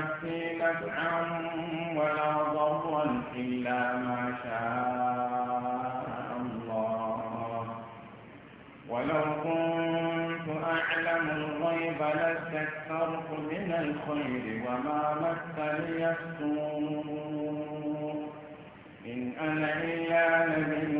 يكفي نفعا ولا ضرا إلا ما شاء الله ولو كنت أعلم الغيب لاستكثرت من الخير وما مسني السوء إن أنا إلا نبي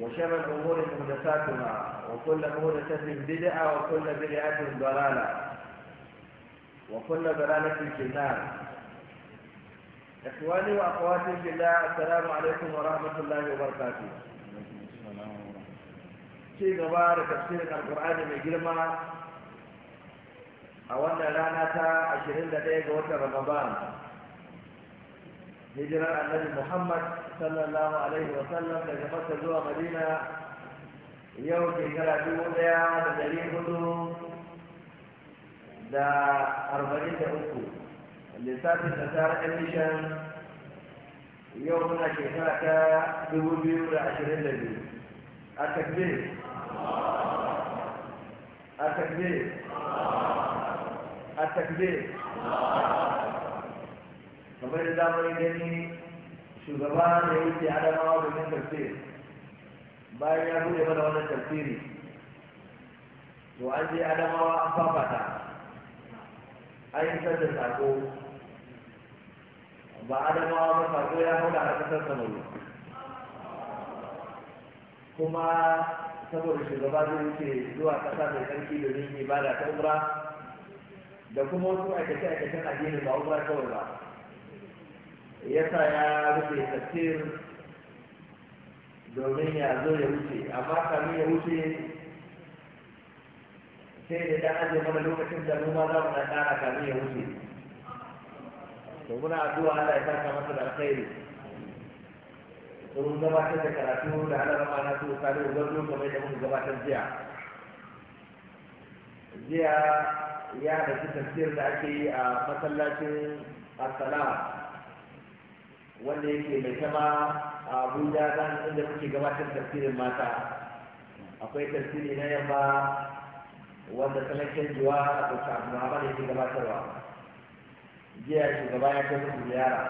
وشر الأمور محدثاتها وكل محدثة بدعة وكل بدعة ضلالة وكل ضلالة في النار إخواني وأخواتي في الله السلام عليكم ورحمة الله وبركاته شيء غبار تفسير القرآن من جرمى أولا لانا تا عشرين دقيقة وقت رمضان هجرة النبي محمد sallallahu alaihi wa sallam daga masa zuwa madina yau shekara dubu daya da dari hudu da arba'in da uku lissafin da tara emission yau muna shekara ta dubu biyu da ashirin da biyu a takbir a takbir a takbir kamar da zamani gani shugaba da yake adamawa domin tafsir bayan ya buɗe mana wannan tafsiri to an je adamawa an fafata an yi sanda sako ba adamawa ba sako ya hau da ƙasar mai kuma saboda shugaba zai wuce zuwa ƙasa mai tsarki domin ibada ta umra da kuma wasu aikace-aikacen addini ba umra kawai ba yasa ya rufe tafsir domin ya zo ya wuce amma kamin ya wuce sai da dan ajiye mana lokacin da noma za mu dan ƙara kamin ya wuce to muna addu'a Allah ya saka masa da alkhairi mun gabatar da karatu da halar na su kare gwarzo kamar da muka gabatar jiya jiya ya da tafsir da ake yi a masallacin Asalama. wanda yake mai tama a abuja zan inda kuke gabatar tafsirin mata akwai tafsiri na yamma wanda salakin juwa a kusa amma da yake gabatarwa jiya shugaba ya kai musu ziyara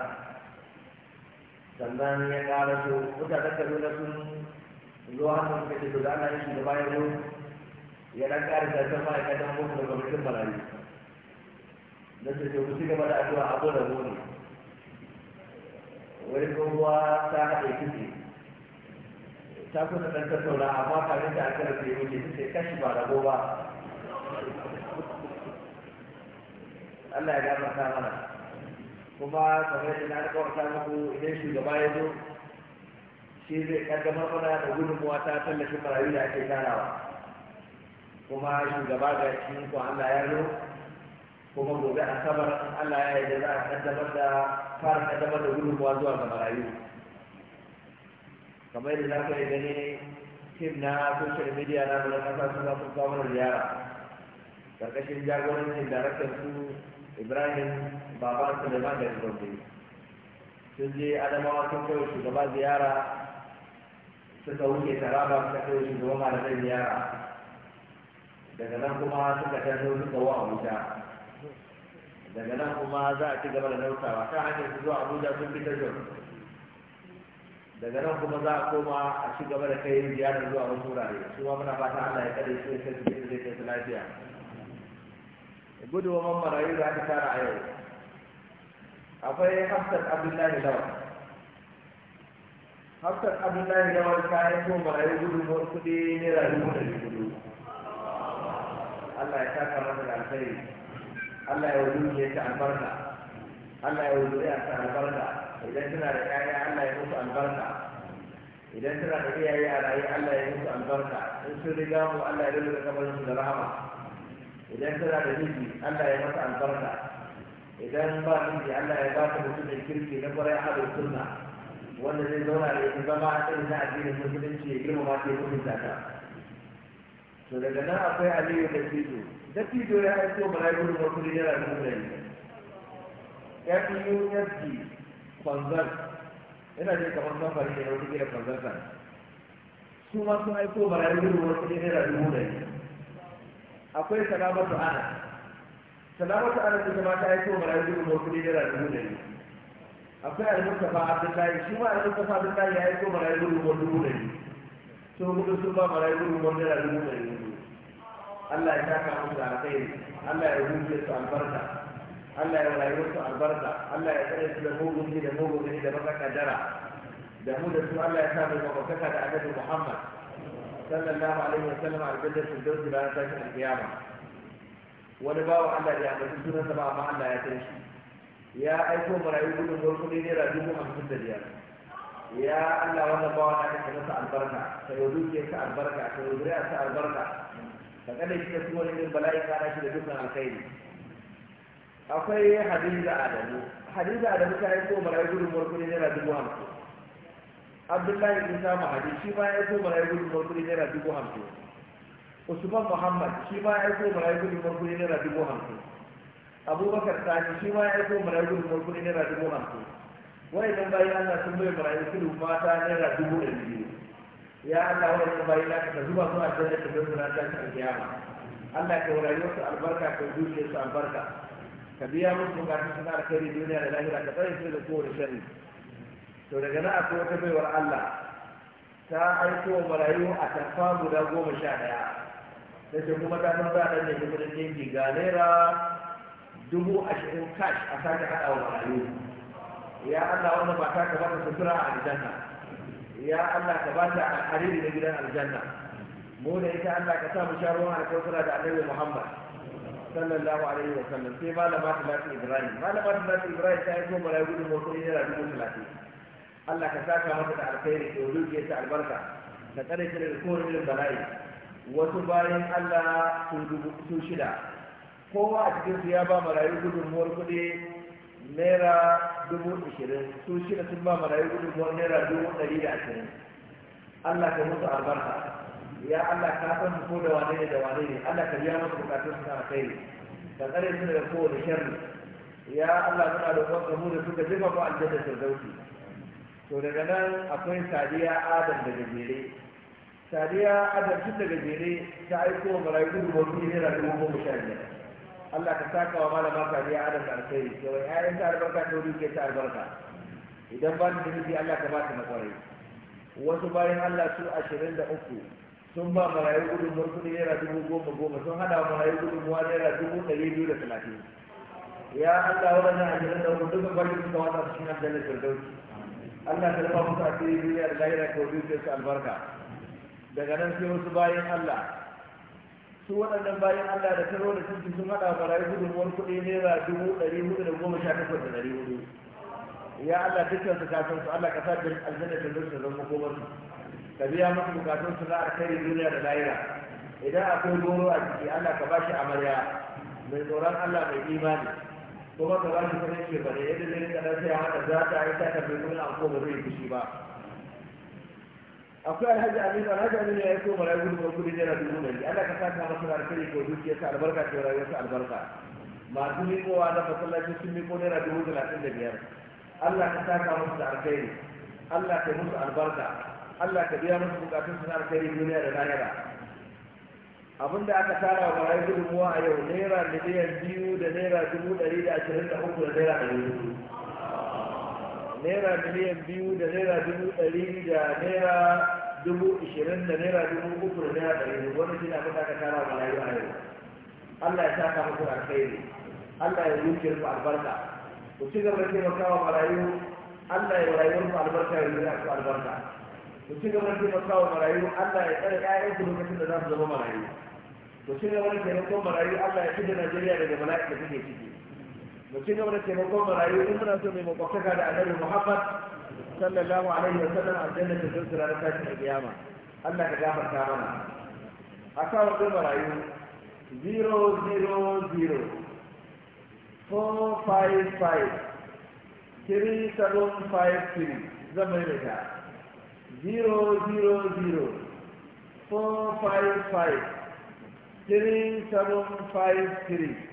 sannan ya ƙara su mutanen na sun zuwa hannun suka ce da ana yin shugaba ya zo ya ɗan ƙara fara kadan boko da gwamnatin marayu na ce ku ci gaba da addu'a abu da ne wani ruwa ta haɗe kuke ta kusa ɗan tattauna amma kafin da aka rufe wuce sai kashi ba rago ba Allah ya ta mana kuma kamar yadda na ta muku idan shugaba ya zo shi zai kaddamar mana da gudunmuwa ta tallafin marayu da ake tarawa kuma shugaba ga shi ko Allah ya zo kuma gobe asabar Allah ya da za a kaddamar da fara kaddamar da gudunmuwa zuwa ga marayu kamar yadda za ka yi gani tim na social media na gudan kasa su za su kawo mana ziyara karkashin jagorancin daraktar su ibrahim baba suleiman da zirgin sun je adamawa sun kai shugaba ziyara suka wuce taraba suka kai shugaba malamai ziyara daga nan kuma suka taso suka wa abuja daga nan kuma za a ci gaba da nautawa ta hanyar zuwa abuja sun fi ta daga nan kuma za a koma a ci gaba da kai ziyarar zuwa wasu wurare su ma muna fata allah ya kare su ya kai su zai kai su lafiya gudunmawar marayu da aka tara a yau akwai hafsat abdullahi lawan hafsat abdullahi ta kayan ko marayu ko kuɗi naira dubu da gudu allah ya taka masa da alkhairi Allah ya wuce ya ta albarka Allah ya wuce ya ta albarka idan suna da 'ya'ya, Allah ya musu albarka idan suna da iyaye a raye Allah ya musu albarka in sun riga mu Allah ya rubuta kamar su da rahama idan suna da miji Allah ya masa albarka idan ba miji Allah ya ba ta da kirki na kwarai haɗin sunna wanda zai zauna da ya zama irin na addinin musulunci ya girmama ta ya mutunta zaka to daga nan akwai aliyu da fido da fido ya aiko malaikun mutum yana da mutane ya fi yi yadda kwanzar yana jin kamar kamfani ne wata kira kwanzar sa su ma sun aiko malaikun mutum yana da yi. akwai salamatu ana salamatu ana su ma ta aiko malaikun mutum yana da yi. akwai al abdullahi shi ma al abdullahi ya aiko malaikun mutum yana da yi. sun mutu sun ba marayu dubu wanda da dubu da biyu Allah ya taka musu da alkhairi Allah ya rubuce su albarka Allah ya rayuwar su albarka Allah ya tsare su da mugun da mugun da baka kaddara da mu da su Allah ya sa mu mabakaka da annabi Muhammad sallallahu alaihi wa sallam aljanna su dauki da ta shi alkiyama wani bawo Allah ya ambaci sunan sa ba amma Allah ya tare shi ya aiko marayu dubu wanda ne da dubu hamsin da biyar ya Allah wannan bawa na kana sa albarka ka yi sa albarka ka yi sa albarka ka kada shi su wani din bala'i kana shi da dukkan alkhairi akwai hadiza adamu hadiza adamu ta yi ko marayi gudun kudi naira dubu hamsin abdullahi bin samu hadi shi ma ya ko marayi gudunmuwar kudi naira dubu hamsin usman muhammad shi ma ya ko marayi gudunmuwar kudi naira dubu hamsin abubakar sani shi ma ya ko marayi gudunmuwar kudi naira dubu hamsin wayannan bayan Allah sun bai marayu kudu mata naira dubu da biyu ya Allah wayannan bayan Allah ka zuba zuwa a jannar da zai zura ta kiyama Allah ka wurayu wasu albarka ka zuciya su albarka ka biya musu bukatu suna alkhairi duniya da lahira ka tsare su da kowane shari to daga nan akwai wata baiwar Allah ta aiko marayu a tafa guda goma sha ɗaya da ce kuma ta san za yanzu ne kudin dangi ga naira dubu ashirin kash a sake haɗa wa marayu ya Allah wannan mata ka ba ta sutura a aljanna ya Allah ka ba ta alhariri da gidan aljanna mu da ita Allah ka sa mu sha ruwan alkawtara da annabi Muhammad sallallahu alaihi wa sallam sai malama ta Lati Ibrahim malama ta Lati Ibrahim ta yi so marayu gudun mutum yana dubu talatin Allah ka saka mata da alkhairi da ruke ta albarka da tsare ta daga kowane irin bala'i wasu bayan Allah sun dubu su shida kowa a cikinsu ya ba marayu gudunmuwar kuɗi naira dubu ashirin su shida sun ba marayu gudunmuwar naira dubu ɗari da ashirin allah ka mutu albarka ya allah ka san ko da wane ne da wane ne allah ka biya musu bukatun su na kai ka tsare su daga kowane sharri ya allah muna da ka mu da suka jima ko aljanna da firdausi to daga nan akwai sadiya adam da gajere sadiya adam tun da gajere ta aiko marayu gudunmuwar naira dubu goma sha biyar Allah ka saka wa malama kariya adam da alkhairi wai ƴaƴan ta albarka ta wuri ta albarka idan ba da miji Allah ka ba ta na kwarai wasu bayan Allah su ashirin da uku sun ba marayu gudunmuwar ne naira dubu goma goma sun hada wa marayu gudunmuwa naira dubu ɗari biyu da talatin ya Allah a ashirin da uku duka bari su wata su na aljannar firdausi Allah ta lafa musu duniyar duniya da lahira ka wuri su albarka daga nan sai wasu bayan Allah su waɗannan bayan Allah da taro da cikin sun haɗa gudun wani kuɗi naira dubu ɗari hudu da goma sha takwas da ɗari hudu ya Allah dukkan su kafin su Allah ka sa bin aljanna da zuwa zan ba su ka biya masu bukatun su a kai duniya da lahira idan akwai goro a ciki Allah ka bashi amarya mai tsoron Allah mai imani kuma ka bashi sanin shekaru yadda zai kada sai ya haɗa za ta yi ta bai nuna an ko ba zai fushi ba akwai alhaji aminu alhaji aminu ya yi so marayu gudu mai kudi naira dubu ɗari Ana ka saka masa da alkhairi ko dukiya ta albarka ce rayuwar ta albarka masu miƙowa na masallaci sun miƙo naira dubu talatin da biyar allah ka saka masa da alkhairi allah ka musu albarka allah ka biya musu bukatun su na alkhairi duniya da lahira abin da aka tara wa marayu gudunmuwa a yau naira miliyan biyu da naira dubu ɗari da ashirin da uku da naira ɗari hudu naira miliyan biyu da naira dubu ɗari da naira dubu ishirin da naira dubu uku da naira ɗari da wani shi na kuka ka tara wa yi a yau Allah ya saka muku ne Allah ya yuke ku albarka ku ci gaba maka wa marayu Allah ya rayuwar ku albarka ya yi ku albarka ku ci gaba maka wa marayu Allah ya tsare ƴaƴan ku lokacin da za su zama marayu ku ci gaba maka wa marayu Allah ya fi da Najeriya daga mala'ika da kuke ciki mu ci gaba da taimakon marayu in muna so mai makwabtaka da annabi muhammad sallallahu alaihi wa sallam aljanna ta zuwa ranar tashin kiyama Allah ka gafarta mana kawo ɗin marayu 000 3753 zama yi da 000 3753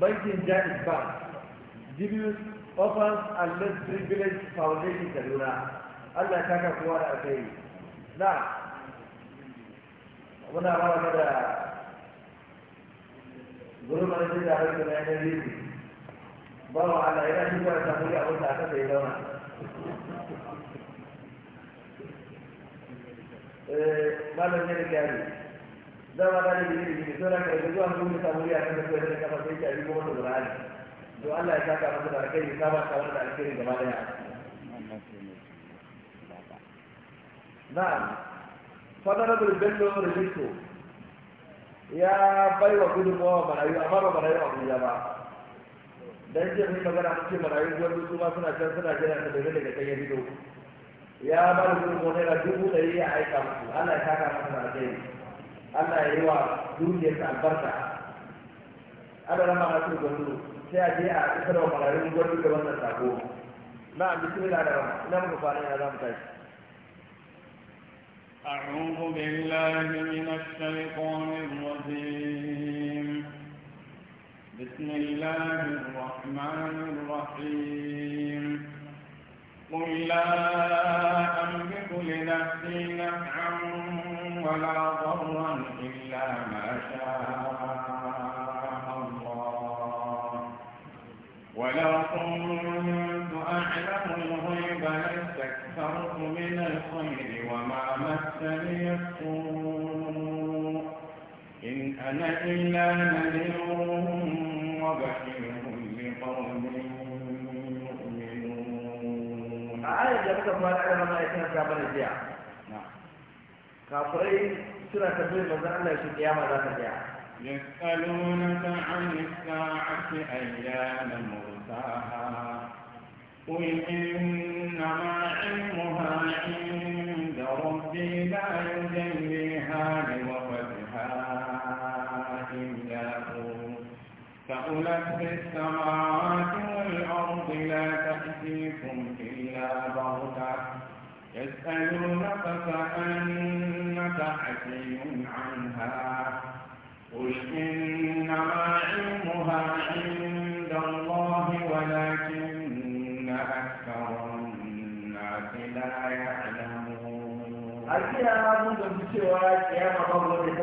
bankin jaiz bank Jibius offers and Less Privileged Foundation Kaduna. Allah ya kaka kowa da alkhairi. Na, muna rawa kada da gurin manajan da harkar na yanar gizo. Bawa Allah yana shi kwanta samu abin da aka sai zauna. Malam ne da gyari. Zama ɗalibi ne da gini, sauran karfi zuwa su ne samu ya kan da kuwa da kafa sai ta kuma da burani. to Allah ya saka masa da alkhairi ya saba ka da alkhairi gaba daya na'am da bello rijisto ya bai wa gudunmawa marayu amma ba marayu kuma ba dan jiya mun magana mun ce marayu gwamnati su ma suna can suna jira da daga daga kan ya fito ya ba da gudunmawa naira dubu da ya aika musu Allah ya saka masa da alkhairi Allah ya yi wa dukiyarsa albarka Allah ya ma na su gwamnati sai a je a isar wa mararun gwamnati da wannan sako na bismillah da rama ina muka fara ina za mu tashi أعوذ بالله من الشيطان الرجيم بسم الله الرحمن الرحيم قل لا أملك لنفسي نفعا ولا ضرا إلا ولو كنت أعلم الغيب لاستكثرت من الخير وما مسني السوء إن أنا إلا نذير وبشير لقوم يؤمنون. آية جابتها فوائد ما يكون كابر الجاع. نعم. كافرين suna tambayar manzo Allah shi kiyama za ta tsaya يسألونك عن الساعة أيام مرساها قل إنما علمها عند ربي لا يجليها لوقتها إلا هو فأولت في السماوات والأرض لا تأتيكم إلا بغتة يسألونك فأنك حكيم عنه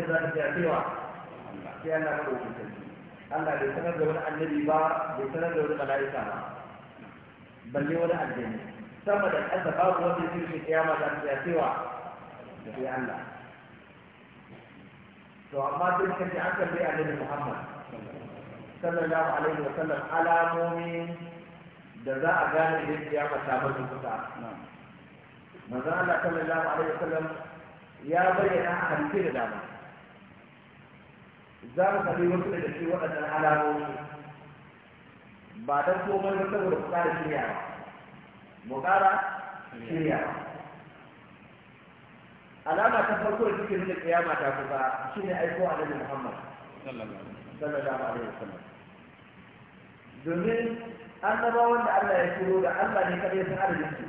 za ta cewa sai Allah ka ɗauki sarki Allah bai sanar da wani annabi ba bai sanar da wani mala'ika ba balle wani aljani sama da ƙasa babu wanda kiyama za ta cewa sai Allah to amma duk an kalli annabi Muhammad sallallahu alaihi wa sallam alamomi da za a gane kiyama ta Allah sallallahu alaihi wa sallam ya bayyana a hadisi da dama za mu faɗi wasu daga cikin waɗannan alamomi ba don komai ba saboda mu ƙara ba, mu ƙara shiryawa alama ta farko da suke nuna kiyama ta kusa shine aiko annabi Muhammad sallallahu alaihi wasallam domin annabawan wanda Allah ya turo da Allah ne kadai san shi.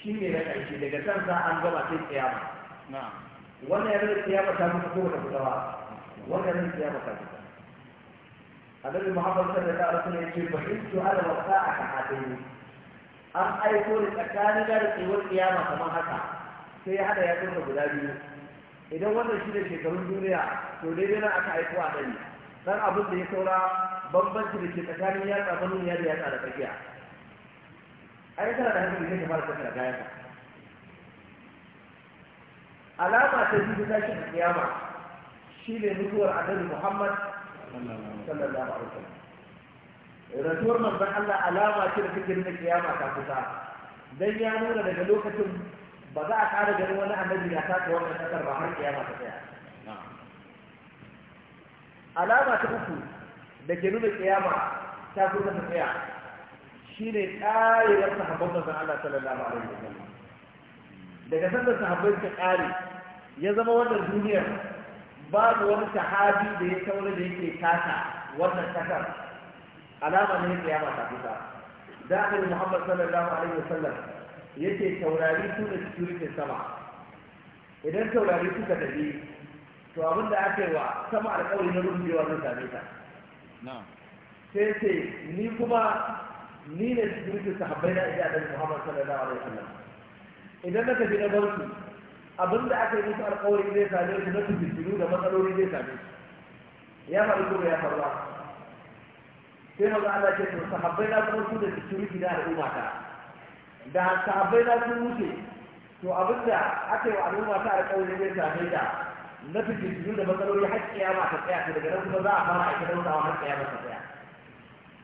su ne na ƙarshe daga kansa an gama sai kiyama wannan ya da kiyama ta mutu ko ta fita ba wannan zai kiyama ta mutu annabi muhammad sallallahu alaihi wasallam yace ba in su ala wa sa'ata hadini an aiko da tsakanin da tsewar kiyama kamar haka sai ya hada ya tsoro guda biyu idan wannan shi ne shekarun duniya to dai nan aka aiko a dani dan abin da ya saura bambanci da ke tsakanin yatsa ya da yatsa da tsakiya ai kana da hankali ne ta fara tsaka da kayan alama ta biyu tashin kiyama shi ne mutuwar annabi muhammad sallallahu alaihi wasallam rasuwar manzon Allah alama ce da take nuna kiyama ta kusa dan ya nuna daga lokacin ba za a ƙara ganin wani annabi na taka wannan kasar ba har kiyama ta tsaya alama ta uku da ke nuna kiyama ta kusa ta tsaya shine ƙarewar sahabban manzon Allah sallallahu alaihi wasallam daga sanda sahabbai suka ƙare ya zama wannan duniyar babu wani sahabi da ya saura da yake kasa wannan kasar alama ne ya ta kusa da Muhammad sallallahu alaihi wasallam yake taurari su da cikin sama idan taurari suka tafi to abin da aka yi wa sama alƙawari na rubewa zai same ta sai ce ni kuma ni ne cikin sahabbai na idan annabi Muhammad sallallahu alaihi wasallam idan na tafi na barku abin da aka yi musu alkawari zai same su na tubitilu da matsaloli zai same su ya faru kuma ya faru ba sai maza Allah ce to sahabbai na kuma su da security na al'umma ta da sahabbai na sun wuce to abin da aka yi wa al'umma ta alkawari zai same ta na tubitilu da matsaloli har kiyama ta tsaya su daga nan kuma za a fara aiki da wutawa har kiyama ta tsaya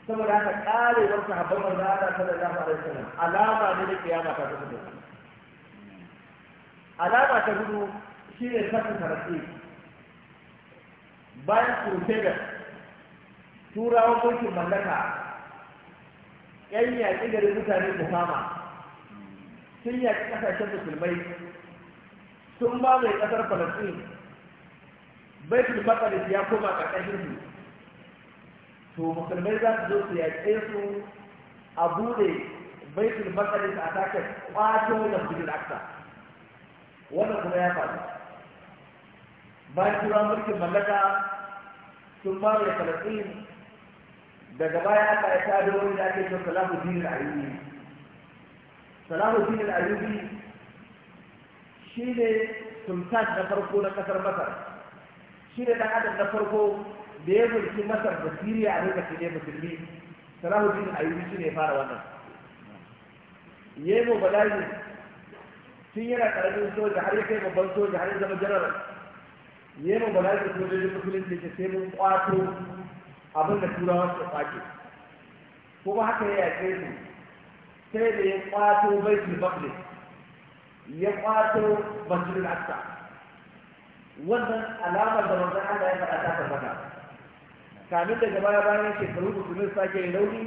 saboda haka ƙarewar sahabban manzo Allah sallallahu alaihi wasallam alama ne na kiyama ta tsaya alama ta gudu shi ne sassan sarrafi bayan kurfegar turawan mulkin mallaka yan yaƙi garin mutane da kama sun yaƙi ƙasashen musulmai sun ba mai ƙasar falasɗin baitul maqdis ya koma ƙarƙashin su to musulmai za su zo su yaƙe su a buɗe baitul maqdis a sake ƙwato da bidil wannan kuma ya faru bayan tura mulkin mallaka sun da falastin daga baya aka yi tado wani da ake son salamu dinin ayyubi salamu dinin ayyubi shi ne sultan na farko na kasar masar shi ne ɗan adam na farko da ya mulki masar da siriya a lokacin ne musulmi salamu dinin ayyubi shi ne fara wannan yemo balaji tun yana karamin soja har ya babban soja har ya zama general yema ba za da sojojin musulunci ce sai mun kwato abin da turawa su kwace kuma haka ya yaƙe su sai da ya kwato baitul bakle ya kwato masjidul aqsa wannan alamar da manzon Allah ya faɗa ta tabbata kamin daga baya bayan shekaru musulmin sake yin rauni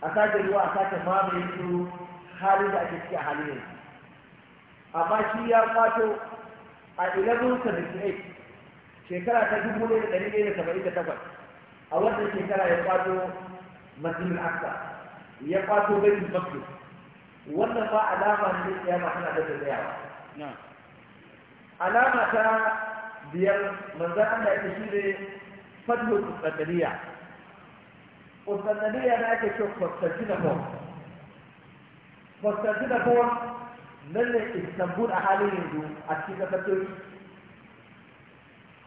a sake ruwa a sake mamaye su halin da ake ciki a halin yanzu amma shi ya kwato a 1178 shekara ta takwas a wannan shekara ya kwato masjidul aqsa ya kwato baitul maqdis wannan ba alama ne ya ya tana da tsayawa alama ta biyar manzon Allah ya shi ne fadlu qustantiniya qustantiniya da ake cewa qustantinople qustantinople Lallai istanbul a halin yanzu a cikin kasar da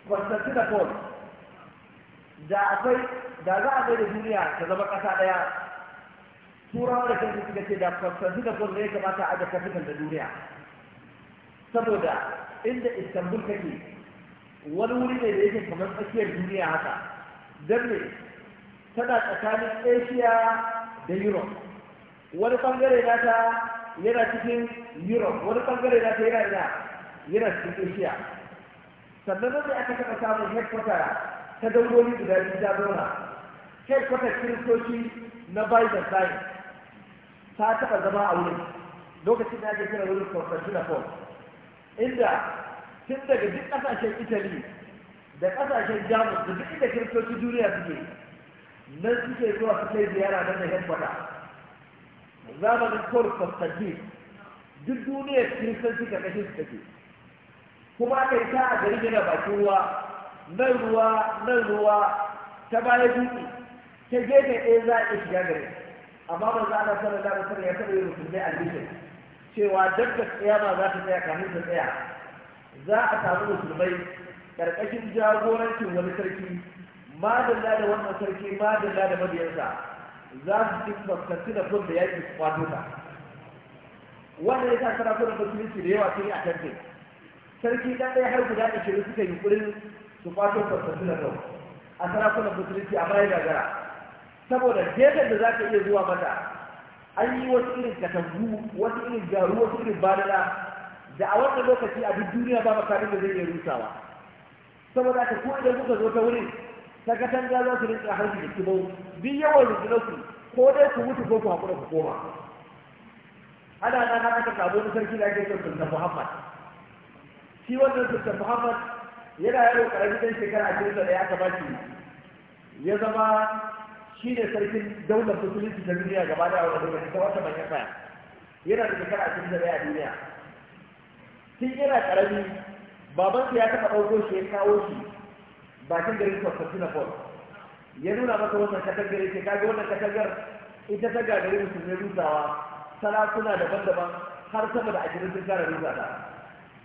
constantinople da akwai da za a bai da duniya ta zama kasa ɗaya turawa da kansu suka ce da constantinople ne ya kamata a jakar kafikan da duniya saboda inda istanbul kake wani wuri ne da yake kamar tsakiyar duniya haka don ne tana tsakanin asia da europe wani bangare na ta yana cikin europe wani bangare na ta yana ina yana cikin asia sannan wanda aka taɓa samun headquarter ta dangoli guda biyu ta zauna headquarter kiristoci na byzantine ta taɓa zama a wurin lokacin da ake kira wurin constantinople inda tun daga duk ƙasashen italy da ƙasashen jamus da duk inda kiristoci duniya suke nan suke zuwa su kai ziyara nan da headquarter zamanin kawar fasaddi duk duniyar kiristanci ta kashin su take kuma aka yi ta a gari yana bakin ruwa nan ruwa nan ruwa ta baya dutse ta gefe ɗaya za a iya shiga gari amma a Allah sallallahu alaihi wasallam ya taɓa yin musulmai albishir cewa tsaya ma za ta tsaya kafin ta tsaya za a samu musulmai ƙarƙashin jagorancin wani sarki madalla da wannan sarki madalla da mabiyansa za su ci fuskanci da sun da yaƙi su kwato ta wanda ya sa sarakunan musulunci da yawa sun yi a tarfe sarki ɗan ɗaya har guda ashirin suka yi ƙurin su kwato fuskanci da sun a sarakunan musulunci a bayan gagara saboda gefen da za ka iya zuwa mata an yi wasu irin katangu wasu irin garu wasu irin badala da a wannan lokaci a duk duniya ba makarin da zai iya rusawa saboda ka ko idan kuka zo ta wurin ta katanga za su rinka harbi da kibau duk yawan rundunarsu ko dai ku mutu ko ku haƙura ku koma ana nan haka ta kabo na sarki da ake son da muhammad shi wannan sultan muhammad yana yaro karami dan shekara cikin da ya aka ba shi ya zama shi ne sarkin daular musulunci ta duniya gaba da wani lokaci ta wata mai kaya. yana da shekara cikin da ya duniya tun yana karami babansa ya taɓa ɗauko shi ya kawo shi bakin garin kwasfatina paul ya nuna masa wannan katangar yake kaga wannan katangar ita ta gagari ya rusawa salatuna daban-daban har sama da ashirin sun kara rusa ta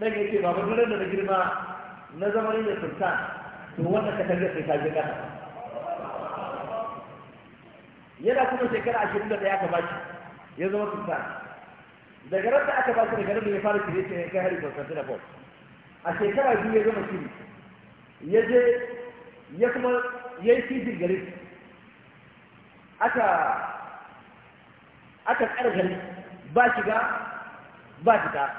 dan yake ba mun da na girma na zama da sultan to wannan katangar sai ta kasa yana kuma shekara ashirin da ɗaya aka bashi ya zama sultan daga ran da aka da daga da ya fara shirye ya kai hari constantinople a shekara biyu ya zama shiri ya je ya kuma ya yi fijin garin aka aka ƙargari ba shiga ba fita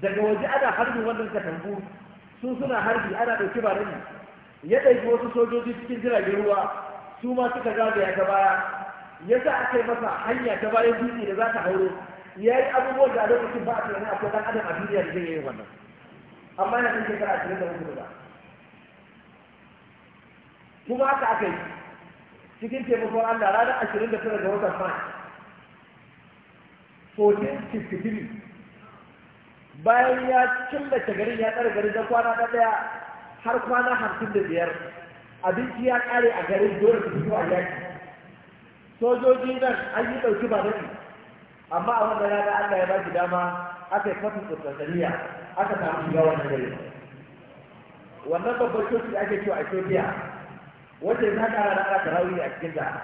daga waje ana harbi wannan katangu su suna harbi ana ɗauki ba rani ya ɗauki wasu sojoji cikin jiragen ruwa su ma suka zagaya ta baya ya sa aka yi masa hanya ta bayan dutse da za ta hauro ya yi abubuwan da a lokacin ba a tunanin akwai ɗan adam a duniya da zai yi wannan amma yana ɗin shekara ashirin da hudu da kuma haka aka yi cikin taimakon Allah ranar ashirin da tara ga watan fotin 1453 bayan ya da garin ya tsara garin da kwana na daya har kwana hamsin da biyar abinci ya kare a garin dole su fito a yaki sojoji nan an yi ɗauki ba daɗi amma a wannan rana Allah ya ba shi dama aka yi kafin tsatsaniya aka samu shiga wannan gari wannan babbar coci da ake cewa a Ethiopia wanda ya kara da ana a cikin ta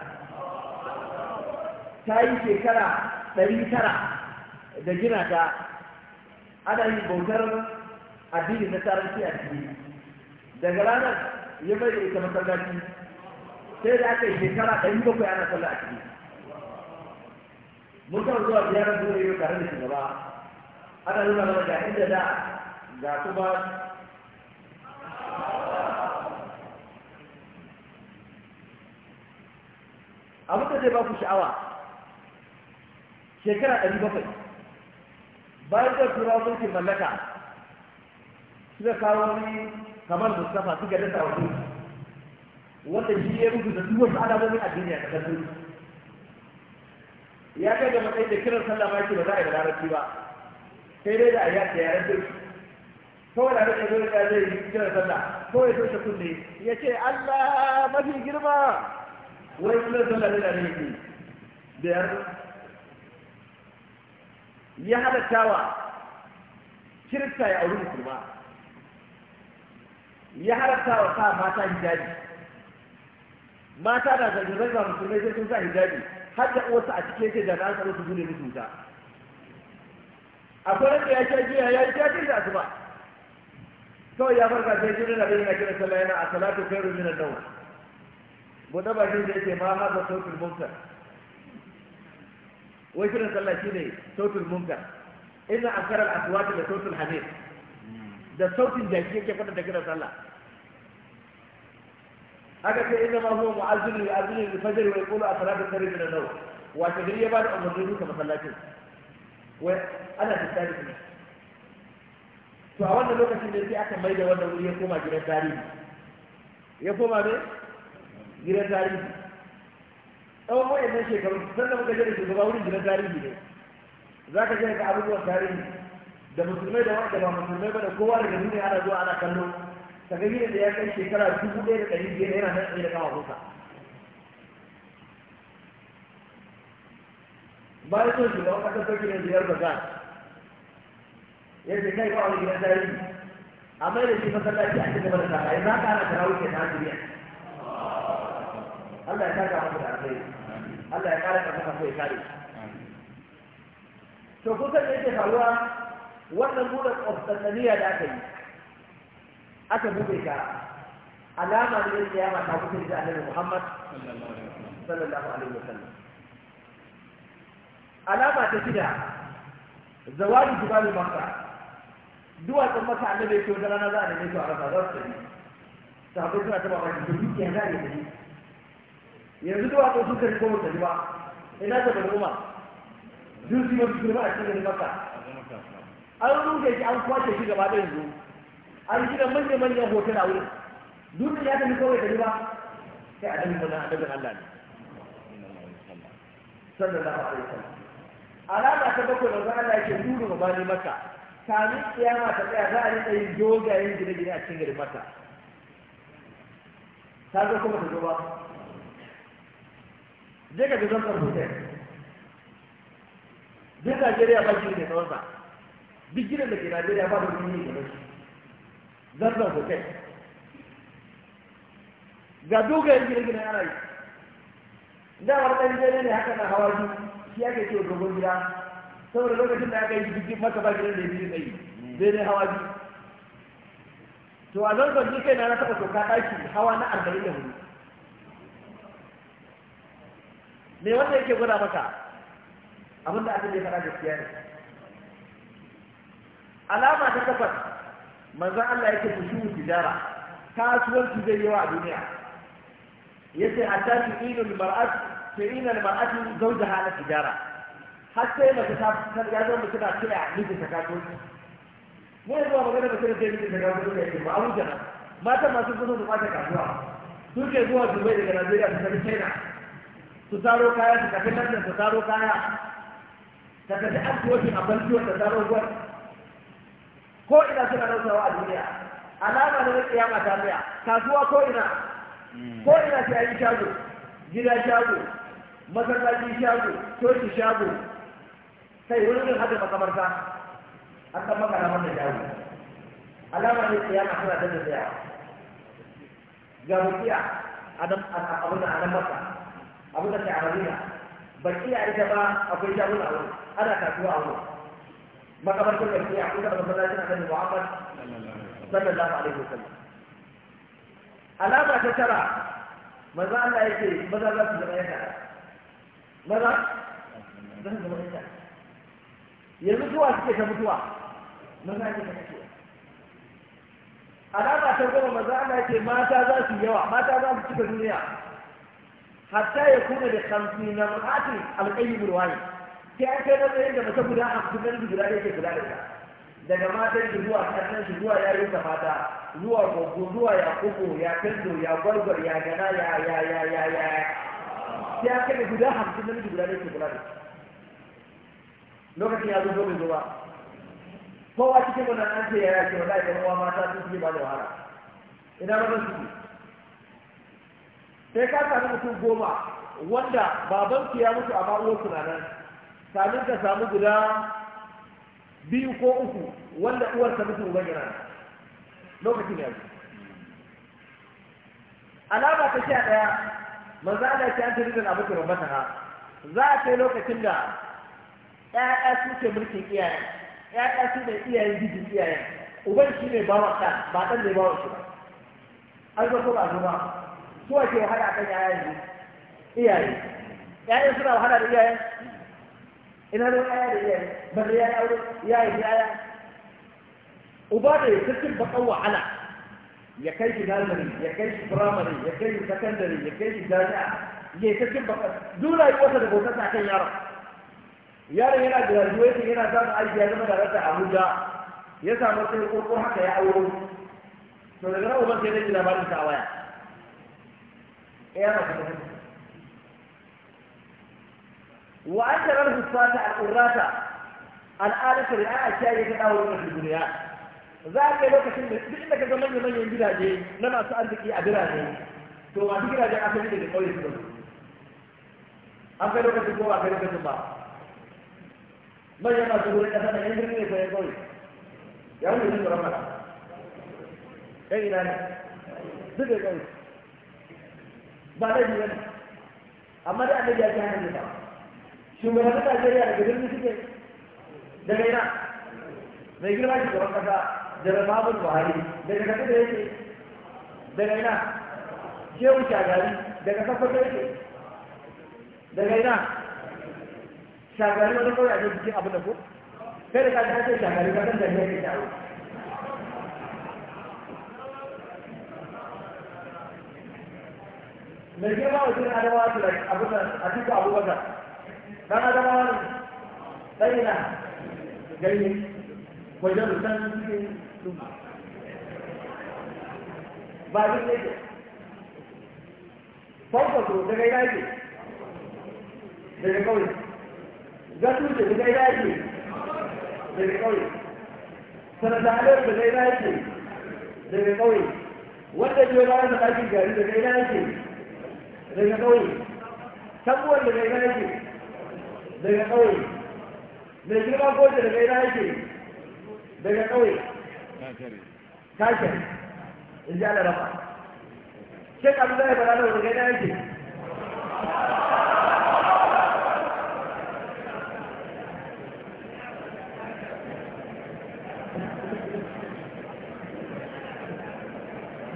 ta yi shekara ɗari tara da gina ta ana yin bautar addini na tarihi a ciki daga ranar ya mai da ita masallaci sai da aka yi shekara ɗari bakwai ana sallah a ciki mun taɓa zuwa da zuwa yau tare da shugaba ana nuna mana ga inda da ga kuma abin zai ba ku sha'awa shekara ɗari bakwai bayan da tura mulkin mallaka suka kawo wani kamar mustafa ga dasa wa wanda shi ya da duk wasu alamomin addini a ƙasar turki ya kai da matsayin da kiran sallah ma yake ba za a yi da larabci ba sai dai da a yaki yaren turki kawai da ya zai yi kiran sallah kawai zai ta kunne ya ce allah mafi girma wai kullum sallah ne da ne yake biyar ya halattawa kirista ya auri musulma ya halattawa sa mata hijabi mata na zanga-zanga musulmai sai sun sa hijabi har da uwarsa a cikin yake da na tsaro su zule musu wuta akwai wanda ya sha jiya ya yi shafi da asuba kawai ya farka sai jini na bayyana kira sallah yana a salatu kairu min an ba bakin da yake ma haɗa sautul munkar wai kiran sallah shi ne sautul munkar ina a al-aswat da sautul hamid da sautin jaki yake fada da kiran sallah aka ce ina ma huwa mu'azzinu yu'azzinu li fajr wa yaqulu asratu qarib min an-nawm wa tagri ya bada umarni duka masallacin wai ana tsari ne to a wannan lokacin da sai aka maida wannan wuri ya koma gidan tarihi ya koma ne gidan tarihi tsawon nan shekaru sannan muka jere da shugaba wurin gidan tarihi ne za ka jere ka abubuwan tarihi da musulmai da wanda ba musulmai ba da kowa da gani ne ana zuwa ana kallo ka ga gidan da ya kai shekara dubu ɗaya da ɗari biyar yana nan tsaye da kama kusa bayan sun shugaban ƙasar sarki ne ziyar bagan yadda kai ba wani gidan tarihi amma yadda shi masallaci a cikin gaba da sakaye za ka ana tarawih ke ta hajjiriya Allah ya taka masa da alheri Allah ya kara karfafa ko ya kare to kusan da yake faruwa wannan buɗe tsananiya da aka yi aka buɗe ka alama ne da ya mata kusa da Annabi Muhammad sallallahu alaihi wasallam alama ta shida zawali jibali makka duwatsun maka annabi ya ce wata rana za a neme su a rasa za su tafi sahabbai suna taba mai da dukiya za da yi yanzu da wato suka riko mu jima. ina ta bari umar duk su mafi girma a cikin maka an ruge shi an kwace shi gaba da yanzu an gina manya-manyan hotuna wurin duk ya tafi kawai da jima? sai a dalilin wannan adabin Allah ne sallallahu alaihi wasallam alama ta bakwai da Allah yake duru ma bani maka kamin kiyama ta tsaya za a rika yin dogayen gine-gine a cikin garin maka ta zo kuma ta zo ba je ka ga zantar hotel duk najeriya ba shi ne tsawon sa duk gidan da ke najeriya ba da wani ne gaba shi zantar hotel ga dogayen gine-gine ana yi damar ɗan gane ne haka na hawa biyu shi ake ce dogon gida saboda lokacin da aka yi bikin maka ba gidan da ya biyu tsayi zai dai hawa biyu to a zantar jikai na na taɓa soka ɗaki hawa na arba'in da hudu me wanda yake gwada maka abin da aka faɗa da ne alama ta takwas manzan Allah yake kushu tijara kasuwanci zai yawa a duniya yace hatta ilu al-mar'at tu'inu al-mar'atu zawjaha ala tijara har sai mace ta ta ga zo mu ta kira miji ta kasuwanci ne zuwa magana mace da miji ta kasuwanci yake ba Abuja mata masu zuwa da mata kasuwa suke zuwa Dubai daga Najeriya da tafi China su taro kaya su tafi London su taro kaya ta tafi asibiti a bankiwa ta taro gwal ko ina suna rausawa a duniya alama da rike yama ta tsaya kasuwa ko ina ko ina ta yi shago gida shago masallaci shago coci shago kai wani rin hada makamarta an kan maka ramar da shago alama ne tsaya na suna da tsaya ga rukiya a nan abin abin da ke a madina ban iya ita ba akwai shaguna a wani ana kasuwa a wani makabartar da ke a kusa da masallacin annabi muhammad sallallahu alaihi wasallam alama ta tara maza Allah yake maza za su zama yanka maza za su zama yanka yanzu zuwa suke ta mutuwa maza ne ta mutuwa alama ta goma maza Allah yake mata za su yawa mata za su cika duniya hatta ya kuna da kamfi na ma'atin alƙayi burwani Ta an kai matsayin da mace guda hamsin na nufi guda da yake guda da ta daga matan shi zuwa ƙarnan shi zuwa yayin ta mata zuwa gogo zuwa ya kuku ya kando ya gwargwar ya gana ya ya ya ya ya Ta an kai guda hamsin na nufi guda da yake guda da ta lokacin ya zo zo bai zo ba kowa cikin wannan an ce ya yake wanda ya uwa mata sun suke ba da wahala ina ba su sai ka sami mutum goma wanda baban su ya mutu amma uwar su nan kamin ka samu guda biyu ko uku wanda uwar ta mutu uban yana lokacin yanzu alama ta sha ɗaya manzo Allah ya ce ridan abu kuma mata ha za a kai lokacin da ƴaƴa su ke mulkin iyayen ƴaƴa su ne iyayen gidin iyayen uban shi ne bawa ɗan ba ɗan ne bawa shi ba an zo ko ba zo ba suwa ke wahala kan yayan ne iyaye yayan suna wahala da iyayen ina da yaya da iyayen bar ya aure iyaye da yaya uba da ya cikin bakan wahala ya kai shi galmari ya kai shi firamare ya kai shi sakandare ya kai shi jami'a ya cikin bakan yi rayuwarsa da ta kan yaron yaron yana graduation yana samun aiki ya zama darakta abuja ya samu sai ko haka ya auro to daga nan uban sai dai labarin ta waya قيامة وأنت غرب الفاتح القراتة الآلة manyan na arziki a birane. to masu gidajen daga ƙauye su zama an kai lokacin ko ba kai lokacin ba manyan masu wurin da yan birni ne ya wuce su ramana ɗan ina ne duk da ba da ne amma da annabi ya ce hana ne ba shugabannin Najeriya daga birni suke daga ina mai girma shugaban kasa daga Muhammadu Buhari daga kasa da yake daga ina shehu shagari daga kasa da yake daga ina shagari wani kawai a cikin abin da ko kai da ka ce shagari ka san da yake da mai girma mutum adamawa su da abin nan a cikin abubakar dan adamawa ne dan ina ganye wajen rusan cikin ba duk ne ke fanfaso daga ina ke daga kawai gasu ce daga ina ke daga kawai sanadalar daga ina ke daga kawai wanda ke bayan da ɗakin gari daga ina ke daga ƙauye sabuwar daga ina yake daga ƙauye mai girma goje daga ina yake daga ƙauye kashari in ji ana rafa shek abdullahi balalau daga ina yake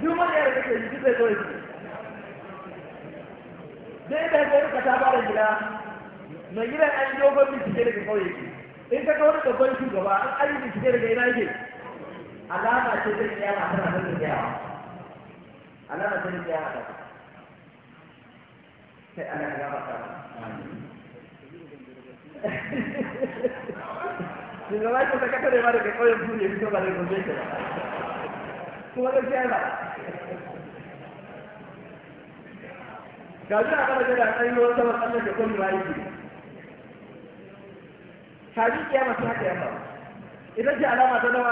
duk wani yare da ke jikin zai zo sai da ga ka ta fara gida mai gida an yi dogon cike da kawai yake in ka kawai da babban shugaba an an yi bincike daga ina yake alama ce ta kiyama tana nan da kiyama alama ce ta kiyama ta sai ana ga ba ta shugaba ce ta kasa da ma daga kauyen su ne fito ba daga gobe ke ba kuma siya ba ga ji a kama gada an yi wata matsalar da kwallo bayan ke kaji kiyama ta haka yamma ita ce alama ta nawa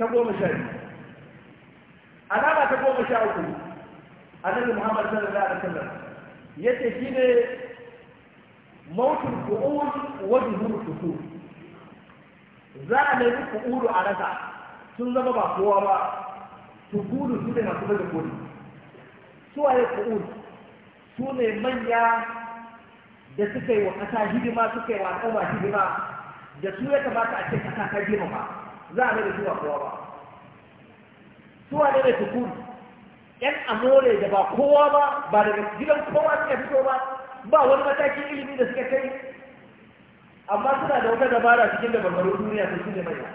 ta goma sha biyu alama ta goma sha uku annabi muhammad sallallahu alaihi wasallam yace shine mautul qu'ud wa zuhur kusur za a nemi ku'uru a rasa sun zama ba kowa ba su kudu su ne masu daga kodi waye ku'uru. su manya da suka yi wa ƙasa hidima suka yi wa al'umma hidima da su ya kamata a ce ƙasa ta girmama za a rage zuwa kowa ba suwa ne da tukuru yan amore da ba kowa ba ba daga gidan kowa suka fito ba ba wani matakin ilimi da suka kai amma suna da wata dabara cikin da barbaro duniya su ne manya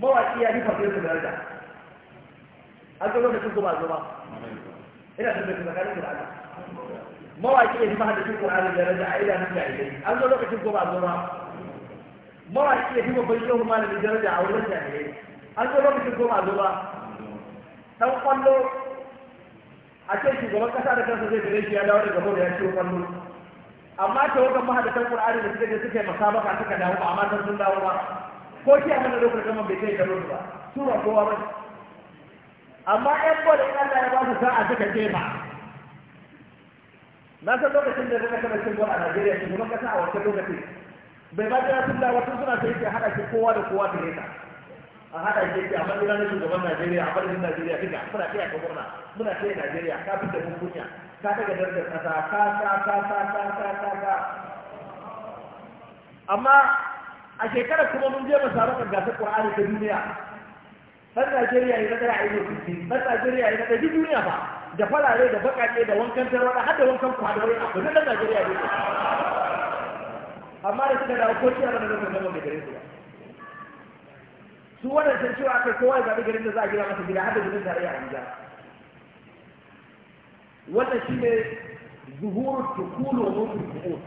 mawaƙi ya fi farfesa da yadda an zo da su zuba zuba ina da bai tsakanin da Allah mawaki ya ji mahadin Qur'ani da raja a ila nan da ilai an zo lokacin ko ba zo ba mawaki ya bai babban kuma malamin daraja a wurin da ilai an zo lokacin ko ba zo ba dan kwallo a ce shugaban kasa da kansa zai gare shi ya dawo daga gaba ya ciwo kwallo amma ta wajen mahadatan Qur'ani da suka je suka yi musabaka suka dawo ba amma sun dawo ba ko shi amma mana lokacin gaban bai kai gano ba tura ba kowa ba amma ɗan bol in Allah ya ba su sa'a suka jefa na san lokacin da zai kana cin bol a Najeriya shi kuma kasa a wancan lokacin bai ba jira sun da wasu suna sai ke haɗa shi kowa da kowa da yasa a haɗa shi ke a madina na shugaban Najeriya a madina Najeriya kika muna kai ka gwamna muna kai Najeriya ka fi da mun kunya ka ga darajar kasa ka ka ka ka ka ka ka ka amma a shekarar kuma mun je mu samu gasar Qur'ani ta duniya ɗan Najeriya ya zaga a ido sisi ɗan Najeriya ya zaga duk duniya ba da farare da baƙaƙe da wankan tarwada har da wankan kwadori a kudin ɗan Najeriya ne amma da suka dawo ko shi a ranar da zama da gare su ba su waɗancan cewa aka kowa ya zaɓi garin da za a gina masa gida har da gudun tarayya a Abuja wannan shi ne zuhurul tukulu mutu mutul ku'ud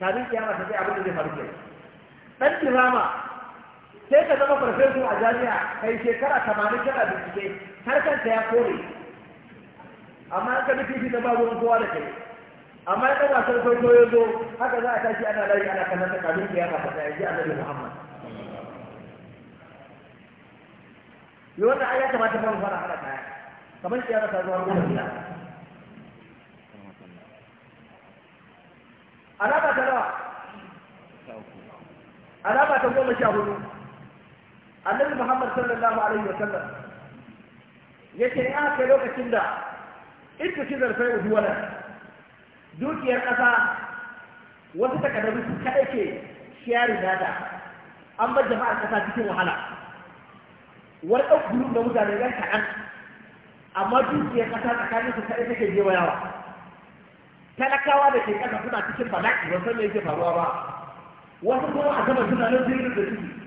kafin kiyama ta sai abin da zai faru kenan Ɗan tirama. sai ka zama farfesu a jami'a kai shekara tamanin kana bincike har kanta ya kore amma an kaɗi fifi na ba ruwan kowa da kai amma ya ɗan wasan kwaikwayo zo haka za a tashi ana layi ana kallon ta kamin ya na fata ya ji annabi muhammad yi wannan ai ya kamata fara hana kaya kamar ya ta zuwa goma gida alama ta nawa alama ta goma sha hudu annabi muhammad sallallahu alaihi wa sallam yace in aka lokacin da ita ce zarfai uduwalar dukiyar ƙasa wasu takardaru su kaɗai ke shiyari nata an bar jama'ar ƙasa cikin wahala wani ɗan gurun da mutane ɗan kaɗan amma dukiyar ƙasa tsakanin su kaɗai take je yawa talakawa da ke ƙasa suna cikin bala'i ban ne yake faruwa ba wasu kuma a gaba suna nan jirgin da suke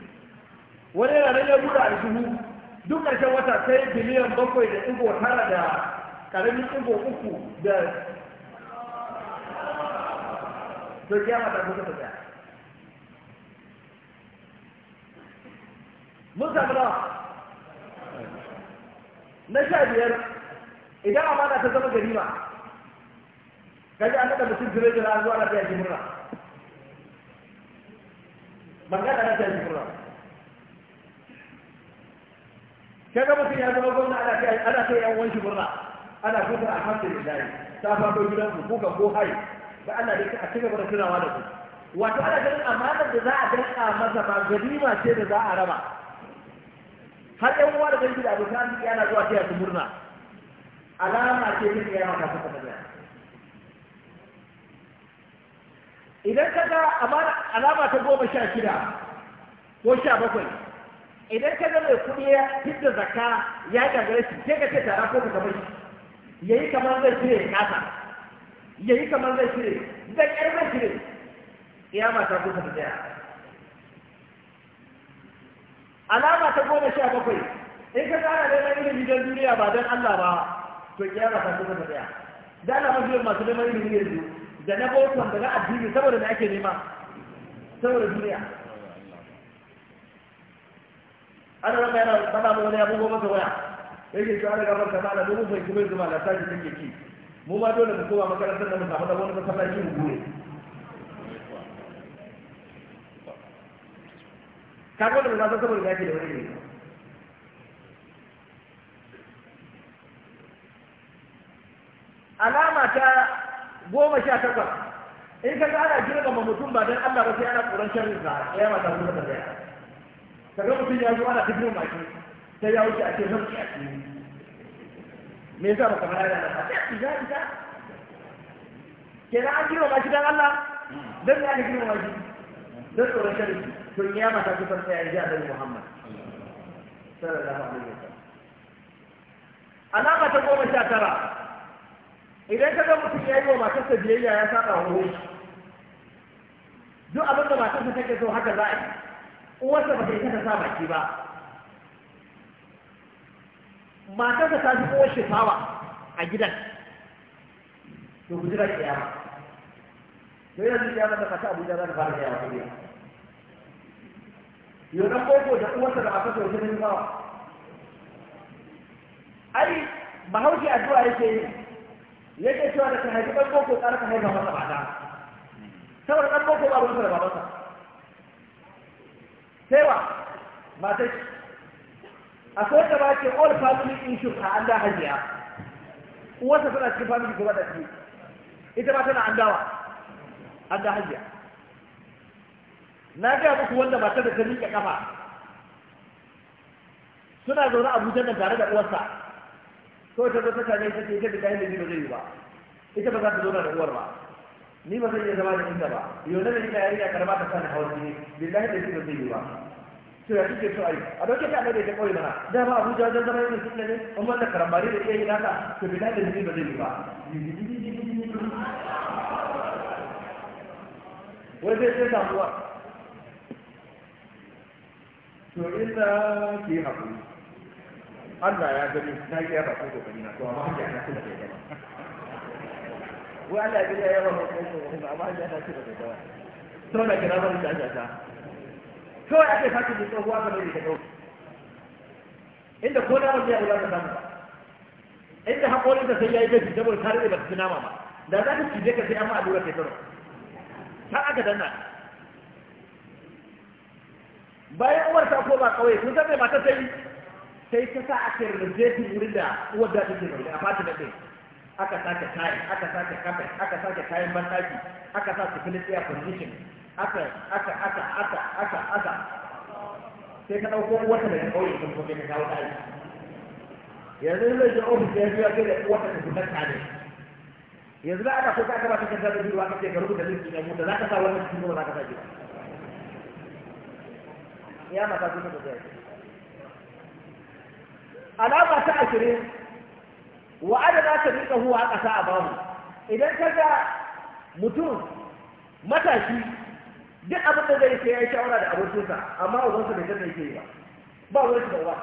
wani yana nan ya buɗe aljihu duk ƙarshen wata sai biliyan bakwai da ɗigo tara da ƙaramin ɗigo uku da to kiyama ta kusa ta tsaya mun samu nawa na sha biyar idan amana ta zama ganima kaji an daga mutum jirage na zuwa na ta jimurra Ban gada na ta jimurra kaga mutum ya zama gwamna ana kai ana kai yan wanshi murna ana kuka alhamdulillah ta fado gidan ku kuka ko hai da Allah dai a cigaba da tunawa da ku wato ana ganin amanar da za a danka masa ba ganima ce da za a raba har yan uwa da dangi da abokan arziki ana zuwa taya su murna alama ce ta kiyama ta kuka da idan ka ga alama ta goma sha shida ko sha bakwai idan ka zama kuɗi ya fitta zakka ya gagare shi sai ka ce tara ko ka gaba shi yayi kamar zai shirye kasa yayi kamar zai shirye zai ƙyar zai shirye ya mata kusa ta tsaya alama ta goma sha bakwai in ka tsara da nan ilimi don duniya ba don Allah ba to kiyama ta kusa ta daya da ana mafi masu neman ilimi yanzu da na bautan da na addini saboda da ake nema saboda duniya ana raka yana faɗa mai wani abubuwa masa waya yake cewa ana gabar kasa da domin fahimci mai zuma na tashi take ki mu ma dole mu koma makarantar da mu samu da wani masallaci mu gure ka wanda da za saboda yake da wani ne alama ta goma sha takwas in ka ga ana girmama mutum ba don Allah ba sai ana tsoron sharri sa ya mata kuma tafiya kaga mutum ya zo ana tafiya maki sai ya wuce a ce zan ci a cikin me yasa baka fara da mata ta Ke ita kenan an girma maki dan Allah dan ya ga girma maki dan tsoron sharifi to ya mata kusan sai ya ji da Muhammad sallallahu alaihi wasallam alama ta goma sha tara idan ka ga mutum ya yi wa matarsa biyayya ya saba horo duk abin da matarsa take so haka za a yi uwarsa ba ta isa ta sa baki ba matarsa ta fi uwar shifawa a gidan to ku jira kiyama to yanzu kiyama da kasa abuja za ta fara kiyama ta biya yau na koko da uwarsa da matarsa wajen ta shifawa ai bahaushe addu'a yake yi yake cewa da ta haifi ɗan boko tsara ka haifa masa ta saboda ɗan boko ba ruwansa da masa. sai wa ce a akwai wata ba ke all family issues a an da hajiya uwarsa tana cikin family gaba da shi ita ba tana an dawa an da hajiya na gaya muku wanda matar da ta rike kafa suna zaune a abuja nan tare da uwarsa kawai ta zo ta kane ta ce ita da kayan da ba zai yi ba ita ba za ta zauna da uwar ba ni ba zan iya zama da ita ba yau na zai yari da karama ta sani hawan jini billahi da shi ba zai yi ba to ya kike so ai a dauke ta da ta koyi mana da ba Abuja wajen zama yin sunna ne kuma da karambari da iya yi ta to billahi da shi ba zai yi ba wai zai sai samuwa to inda ke haƙuri Allah ya gani na yi ya ba ko kokari na to amma hanya na kuma ke gaba wai Allah ya gida yawa hukumar rahima ba Allah ya ce da ta dawa sau da kira bari da aka ta kawai aka sake da tsohuwa ka bai da dau inda ko na wanda ya ba ta samu inda hakorin da sai yayi gaji saboda ka rike baka nama ba da za ka cije ka sai amma allura kai tsaro ta aka danna bayan uwar ta koma kawai kun san mai matar yi sai ta sa aka rinje wurin da uwar da take zaune a fatin da ɗaya aka sake tayi aka sake kafe aka sake kayan bandaki aka sa security air condition aka aka aka aka aka aka sai ka ɗauko wata daga ƙauye sun kuma ka kawo ɗaki yanzu zai je ofis ya biya kai da wata ta fitar tare yanzu da aka so ka kaba takarda da biyu aka ce ka rubuta listin yan mutu za ka sa wani cikin ba za ka sa ta ya mata su ka tafiya alama ta ashirin wa za ta rika huwa a ƙasa a bamu idan ka ga mutum matashi duk abin da zai sai ya yi shawara da abokinsa amma ubansa bai zai ke ba ba wani da uba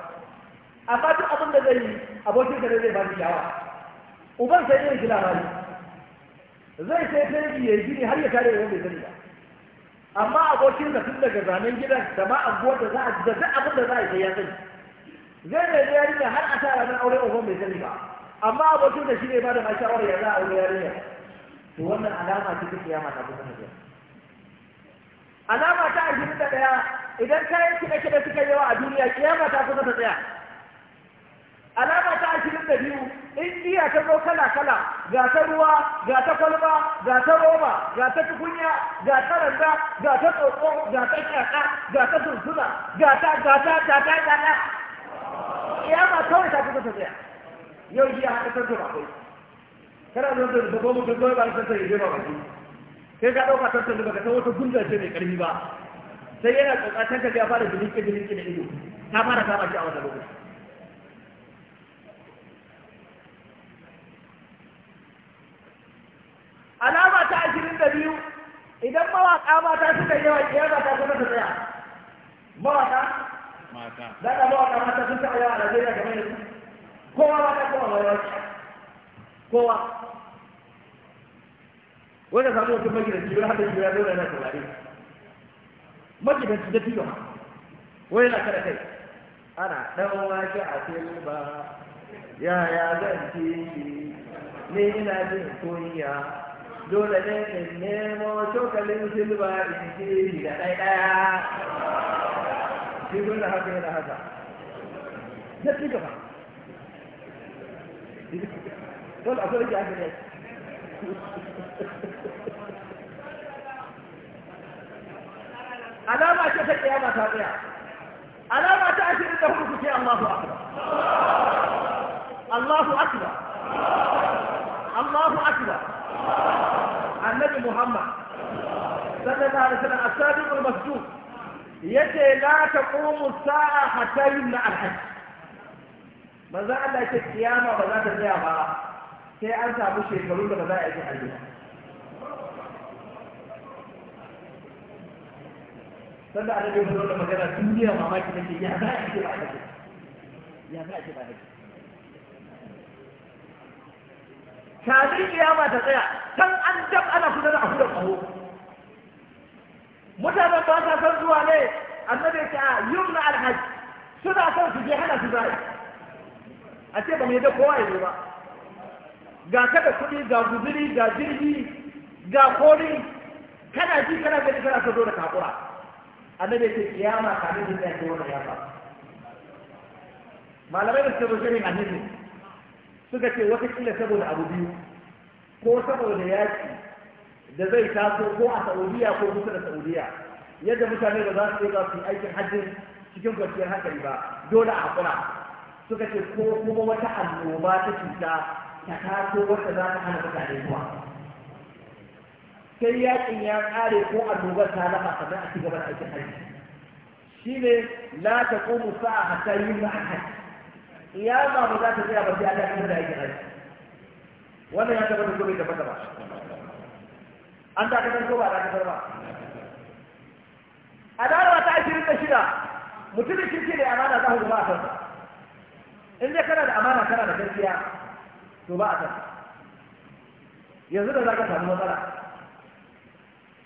amma duk abin da zai yi abokinsa ne zai ba shi shawara uban sai yin shi labari zai sai sai ya yi gini har ya kare yawan bai sani ba amma abokin da tun daga zanen gidan da ma anguwar da za a da duk abin da za a yi sai ya sani zai ne ya rike har a sa ranar aure uban bai sani ba amma abokin da shi ne ba da ma ya za a wuri yarinya to wannan alama ce ta kiyama ta kusa da alama ta ashirin da ɗaya idan kayan kiɗa kiɗa suka yawa a duniya kiyama ta kusa ta tsaya alama ta ashirin da biyu in giya ta zo kala kala ga ta ruwa ga ta kwalba ga ta roba ga ta tukunya ga ta randa ga ta tsotso ga ta kyaka ga ta sursuna ga ta ga ta ga ta ga ta kiyama kawai ta kusa ta tsaya yau jiya haka san ba kai kana zo da zabo mu gaggawa ba san ya ba kai sai ka ɗauka san sai baka san wata gunda ce mai karfi ba sai yana kokatan ka ga fara bilinke bilinke da ido ta fara kama shi a wannan lokaci alama ta ashirin da biyu idan mawaƙa mata suka yi yawa iyaka ta kuma ta tsaya mawaƙa mata da mawaƙa mata sun taɓa yawa a Najeriya game da kowa ba ta kowa wani wani kowa wanda samu mutum magidanci wani hada shi ya zauna yana saurare magidanci da tiyo ma wani yana kada kai ana ɗan wake a ba yaya zan ce shi ne ina jin kunya dole ne in nemo cokalin silba in ce shi da ɗaiɗaya shi dole haka yana haka zai ci gaba dole akwai rage hankali alama ce ta kiyama ta tsaya alama ta ashirin da hudu kuke Allahu akbar Allahu akbar Allahu akbar annabi Muhammad sallallahu alaihi wasallam as-sadiq al yace la taqumu saa hatta yumna al-hajj Ba za a ce kiyama ba za ta tsaya ba sai an samu shekaru da ba za a yi hajji ba sanda a dabe da magana duniya mamaki nake ya za a yi ba hajji ya za a yi ba hajji kafin kiyama ta tsaya san an dab ana kusa da a kuda kaho mutanen ba sa son zuwa ne annabi ta ah, yumna alhaji suna son su je hana su zai a ce ba mu yadda kowa ya ba ga kada kuɗi ga guzuri ga jirgi ga kori kana ji kana gani kana ka zo da kakura annabi ya ce kiyama kamin da zai wani ya ba malamai da suka zo shirin annabi suka ce wata kila saboda abu biyu ko saboda yaki da zai taso ko a saudiya ko kusa da saudiya yadda mutane ba za su yi yi aikin hajji cikin kwanciyar hankali ba dole a hakura suka ce ko kuma wata annoba ta cuta ta taso wata za ta hana mutane zuwa sai yakin ya kare ko annobar ta lafa sannan a ci da aikin hajji shi ne la ta komu sa'a hatta yi na hajji iyama ba za ta tsaya ba sai an dakatar da aikin hajji wannan ya tabbata ko bai tabbata ba an dakatar ko ba dakatar ba adawa ta ashirin da shida mutumin kirki ne amana za ku gaba a kansa in dai kana da amana kana da gaskiya to ba a ta yanzu da za ka samu matsala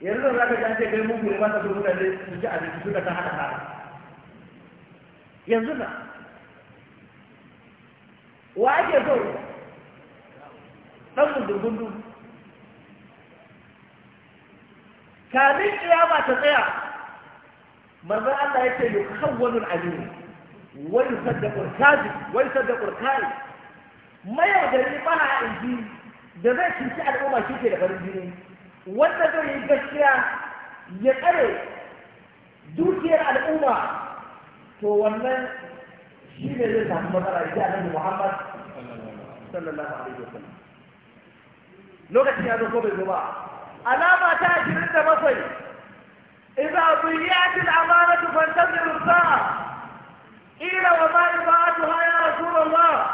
yanzu da za ka ji an ce kai mugu ne masa su mutane su ci abinci suka ta hada hada yanzu na wa ake so ɗan gundun-gundun kamin kiyama ta tsaya manzon Allah ya ce yukhawwalul alim ويصدق الكاذب ويصدق الكاذب ما يقدر يطلع الجين da zai cuci al'umma shi ke da farin jini wanda zai yi gaskiya ya tsare dukiyar al'umma to wannan shi ne zai samu matsala ya ji annabi Muhammad sallallahu alaihi wasallam lokacin ya zo ko bai zo ba alama ta ashirin da bakwai idza dhiyat al-amanatu fantazir as-sa'a قيل وما إضاءتها يا رسول الله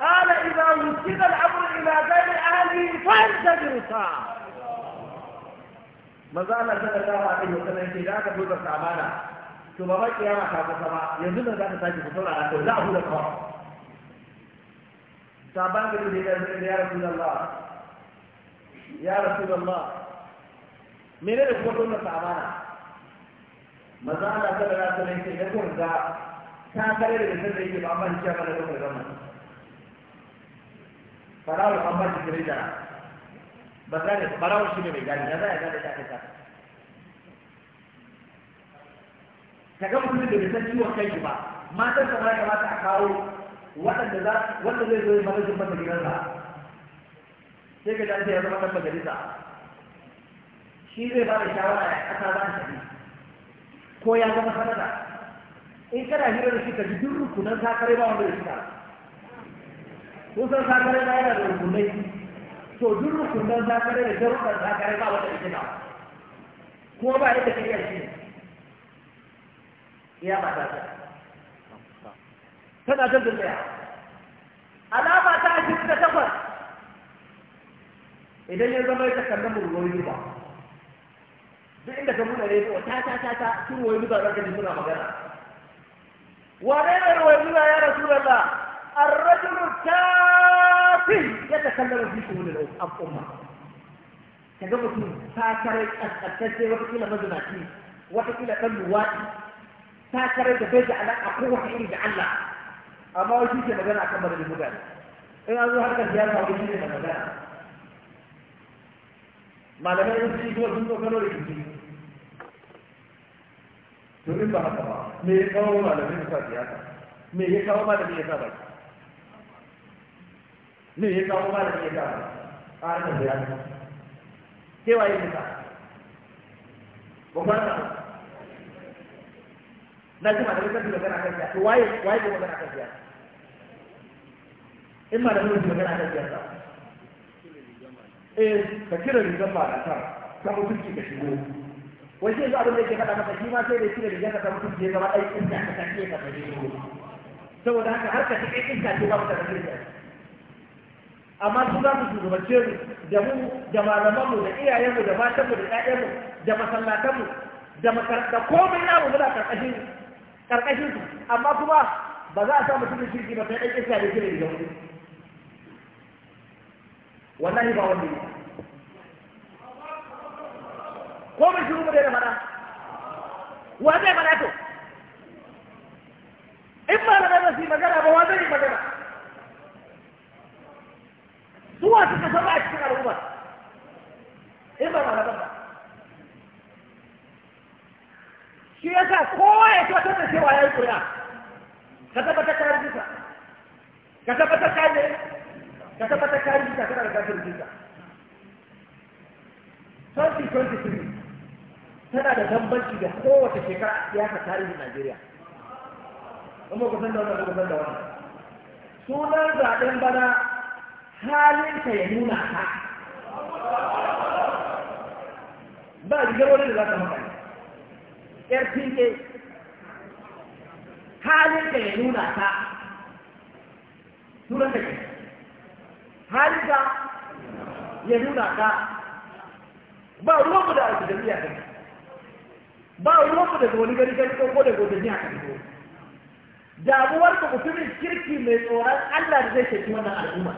قال إذا وصل الأمر إلى بين أهله فأنت ساعة ما زال صلى الله عليه وسلم في ذاك بيت الصعبانة ثم بقي يا مكان السماء يزيد ذلك تجد بسرعة أن تعبانا. للقرآن صعبان بن يزيد يا رسول الله يا رسول الله من الأخوة تعبانا. maza Allah ta na sanai sai na kun ga ta kare da ta da yake ba amma shi ya kana da kun ga mu farawo amma shi gare da ba za ne farawo shi ne mai gani ya za ya gane ta ta ta ga mutum da bai san ciwon kai ba matan sa ma kamata a kawo waɗanda za wanda zai zo mana jin mata gidansa sai ka dace ya zama kan majalisa shi zai ba da shawara ya kasa za ta tafi ko ya zama sanada in kana hira da shi ka ji duk rukunan sakare ba wanda ya shi san sakare ba yana da rukunai to duk rukunan sakare da jarukan sakare ba wanda ya shi ko ba yadda ka iya shi ya ba ta tana jan da alama ta ashirin da takwas idan ya zama ya ta kallon murmurin ba duk inda ka nuna ne ko ta ta ta ta sun wai muza zaka ji suna magana wa ne ne wai muza ya rasulullah الرجل التافه يتكلم في شؤون الأمة kaga mutum ta wata kaskantacce watakila mazinaci watakila ɗan luwaɗi ta karai da bai da alaƙa ko wata iri da Allah amma wani shi magana akan madadin mutane in an zo harkar siyasa wani shi ne magana malamai sun yi zuwa sun zo kano da jiki to in ba haka ba me ya kawo malamin sa siyasa me ya kawo malamin ya sa baki me ya kawo malamin ya sa baki a harkar siyasa ke waye ne ka ba ba na na ji malamin kan magana kan siyasa waye waye ne magana kan siyasa in malamin kan magana kan siyasa eh ka kira rigar ba da ta ta mutunci ka shigo wasu yanzu abin da ke faɗa masa shi ma sai da shi da rigar ka mutum je zama ɗai iska ka ta ce ka fage saboda haka har ka shi ɗai ka ce ba mu ta ka amma su za su shugabance mu da mu da malamanmu da iyayenmu da matanmu da ƴaƴanmu da masallatanmu da makaranta komai namu muna karkashin karkashin su amma kuma ba za a samu cikin shirki ba sai ɗai iska da shi da rigar wallahi ba wanda ko mai shiru mu daina faɗa wa zai faɗa to in ba da ba yi magana ba wa zai yi magana su wa suka saba a cikin al'umma in ba malaman ba shi ya sa kowa ya tabbatar da cewa ya yi ƙuri'a ka tabbatar ka rubuta ka tabbatar ka ne ka tabbatar ka rubuta kana da kafin rubuta 2023 tana da bambanci da kowace shekara siyasa tarihin Najeriya. Amma ku san da wannan ku san da wannan. Sunan zaɓen bana halinka ya nuna ka. Ba jigar wani da za ta maka. ‘Yar halin halinka ya nuna ka. Sunan ka ke. Halinka ya nuna ka. Ba ruwanmu da aljihariya ta ba ruwanku daga wani gari gari ko daga wani a kan ruwa damuwar ku mutumin kirki mai tsoron Allah da zai shaki wannan al'umma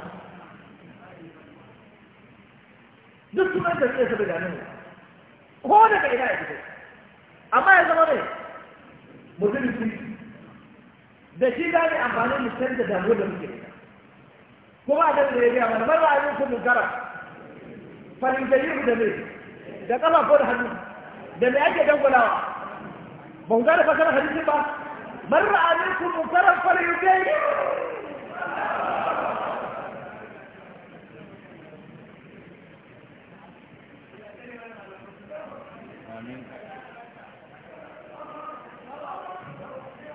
duk sunan tafiya su daga nan ko daga ina ya fito amma ya zama ne mutumin kirki da shi za amfanin amfani da canza damuwar da muke kuma a da ya gaya mana bar ra'ayin kun gara farin da yi da mai da kafa ko da hannu da me ake dangwalawa ba ku gane fasara hadisi ba man ra'a minkum munkaran falyughayyir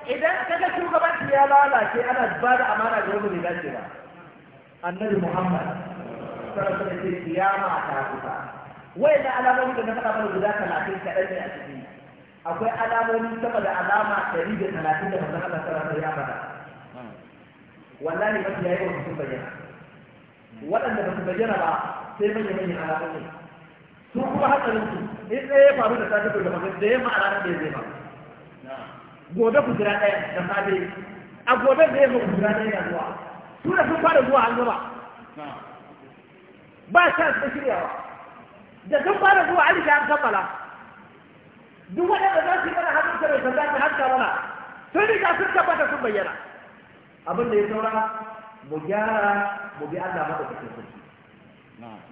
idan kaga shugabanci ya lalace ana ba da amana ga wani da dace ba annabi muhammad sallallahu alaihi wasallam kiyama ta kusa Wai da alamomi da na faɗa mana guda talatin kaɗan ne a cikin akwai alamomi sama da alama ɗari da talatin da manzon Allah sallallahu alaihi wasallam wallahi mafi yayi wa mutum bayyana waɗanda ba su bayyana ba sai manyan manyan alamomi su kuma hatsarin su in ɗaya ya faru da safe ko da magana da yamma a ranar da ya zai faru gobe ku jira ɗaya da safe a gobe da yamma ku jira ɗaya da zuwa su da sun fara zuwa an gaba ba chance ta shiryawa da sun fara zuwa an riga an kammala duk waɗanda za su yi mana hannun sarai sanda ta haska mana sun riga sun tabbata sun bayyana abin da ya saura mu gyara mu bi Allah da madaukakin sarki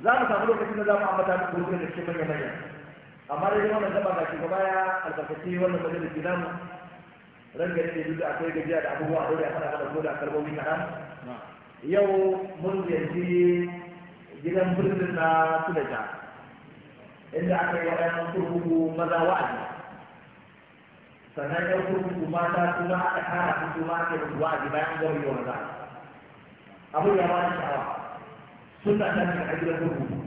za mu samu lokacin da za mu ambata duk gurbin da cikin manya-manya. amma dai wannan gaba ga shugaba ya albarkaci wannan majalisi namu ran gari ne duk akwai gajiya da abubuwa a dole a fara kada dole a kalmomi kaɗan yau mun ziyarci gidan birnin na Suleja inda aka yi waɗannan kurkuku maza wa'azi sannan yan kurkuku mata kuma aka kara su su ma aka yi wa'azi bayan gaba yi wanda abu ya ba sha'awa suna ta ne a gidan kurkuku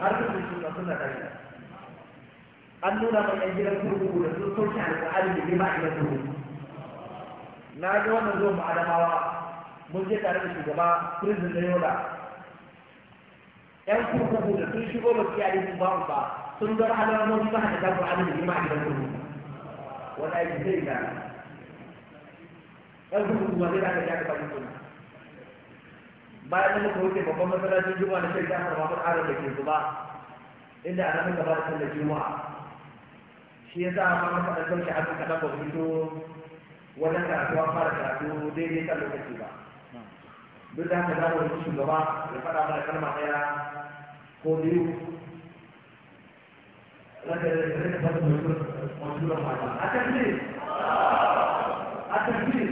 har su suna suna ta ne an nuna mai yan gidan kurkuku da sun sauke alƙa'ari da ba a gidan kurkuku na ga wannan zuwan mu adamawa mun je tare da shugaba prison na yola yan kurkuku da sun shigo ba su yi alifin ba'u ba sun bar alamomi ba da zaku alifin jima'i da wani aiki zai gara yan kurkuku wanda za ka gyara kamar suna bayan da muka wuce babban masallacin juma'a na shirka a mamar aron da ke zuba inda a nan gaba da sallar juma'a shi ya sa ma masa ɗan sauke hannun kaɗan ba fito wajen karatu an fara karatu daidai kan lokaci ba duk da haka zamu rubuta shugaba ya fada mana kalma daya ko biyu ranka da ta da mutum mutum mata a tafi a tafi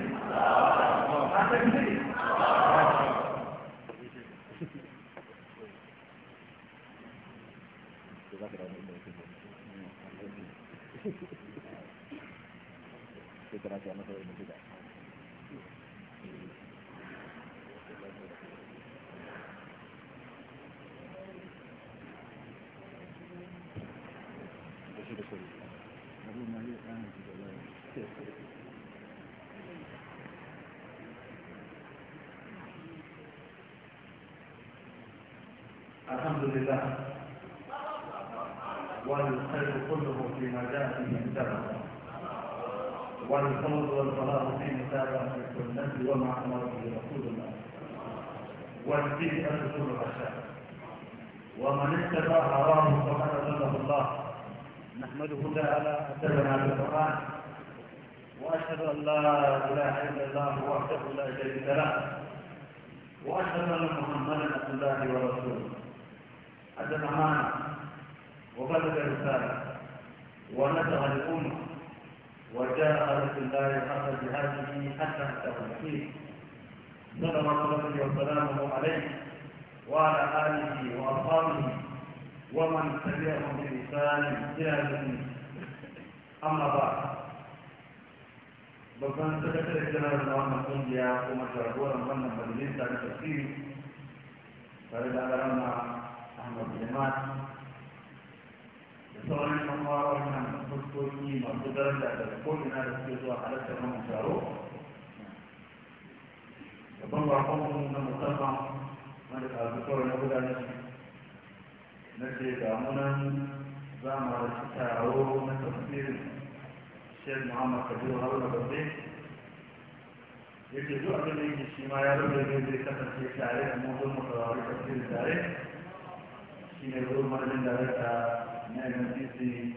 مستمع والخوض والصلاة في متابعة السنة ومع أمره رسول الله والبيئة كل الرشاد ومن اتبع هواه فقد ذله الله نحمده تعالى اتبعنا بالقرآن وأشهد أن لا إله إلا الله وحده لا شريك له وأشهد أن محمدا عبد الله ورسوله أدى الأمانة وبلغ الرسالة ونزغ الأمة وجاء رسول الله حق بهذه حتى التوحيد الله عليه وسلامه عليه وعلى آله وأصحابه ومن تبعهم بإحسان إلى أما بعد babban sakatare janar da wannan kungiya kuma jagoran wannan majalisa na tafsiri فإذا da أحمد ahmad sauran yan fara wannan fuskoki masu daraja da ko'ina da suke zuwa halartar wannan taro babban bakon mu na musamman wanda ka zuwa kawai na gudanar na ce ga munan za mu halarci taro na tafsirin shek muhammad kabiru haruna babbe yake zuwa abin da yake shi ma ya rubuta zai zai kasance tare da mu don mu tafsirin tare shi ne gurin madadin da نعمل إذن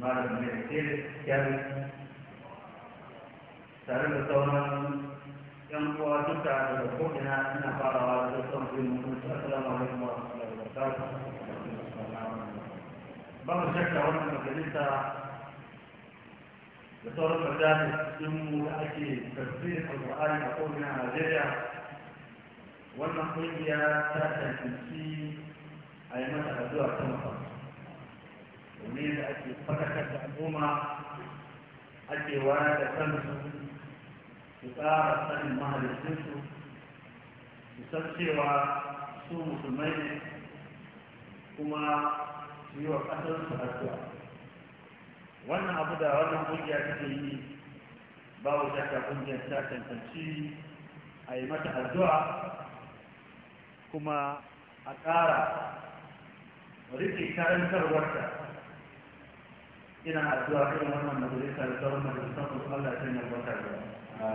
مرض مرتير كان تعرف طبعا yan kowa duka daga ko'ina ina farawa da son bin mutunci assalamu alaikum wa rahmatullahi wa barakatuh ba mu shakka wannan majalisa da sauran majalis din mu da ake tafsirin alƙur'ani a ko'ina a Najeriya wannan ƙungiya ta tantance a yi mata addu'a ta musamman domin da ake fadakar da al'umma ake wara da kansu su tsara sanin mahalicinsu su san cewa su musulmai ne kuma su yi wa ƙasarsu addu'a wannan abu da wannan ƙungiya take yi babu shakka ƙungiyar ta cancanci a yi mata addu'a kuma a ƙara rike karantarwarta ina addu'a irin wannan majalisa da sauran majalisar su Allah ya sanya albarka da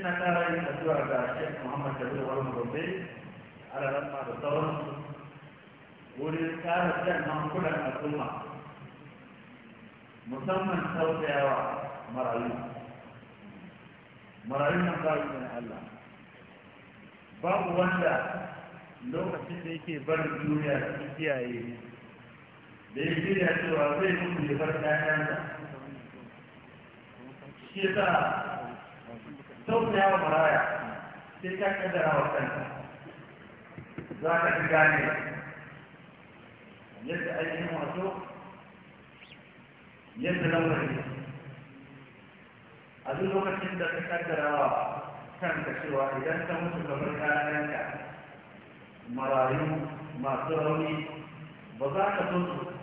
ina ƙara yin addu'a ga Sheikh Muhammad Kabir Warma Gombe Alaramma da sauran su wurin ƙara jan hankulan al'umma musamman tausayawa marayu marayu nan ba su Allah babu wanda lokacin da yake barin duniya cikin kiyaye da ya shirya cewa zai mutu ya bar ɗayansa shi ya sa sauƙiya maraya sai ta kaddara wa kanka za ka fi gane yadda ainihin wato yadda lamarin a duk lokacin da ta kaddara wa kanka cewa idan ta mutu ka bar ɗayanka marayu masu rauni ba za ka zo su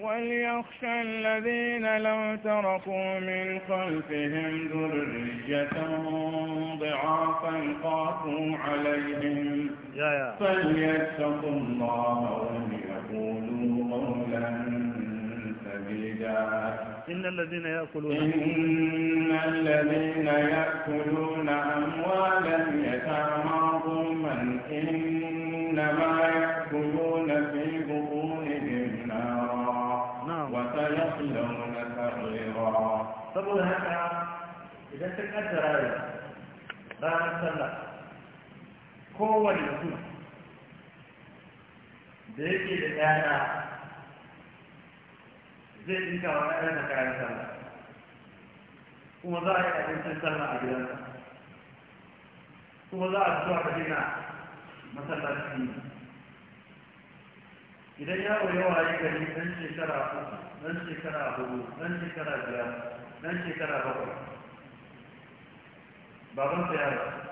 وليخشى الذين لو تركوا من خلفهم ذرية ضعافا خافوا عليهم فليتقوا الله وليقولوا قولا البدع إن الذين يأكلون إن الذين يأكلون أموالا يتامى ظلما إنما يأكلون في بطونهم نارا نعم وسيصلون سعيرا saboda haka idan ta kaddara yau ranar sallah kowane mutum da yake da yaya zai dinka wa ƴaƴansa kayan sallah kuma za a yi abincin sallah a gidansa kuma za a zuwa da gina masallaci idan yaro ya yi gari ɗan shekara uku ɗan shekara hudu ɗan shekara biyar ɗan shekara bakwai babansa ya rasu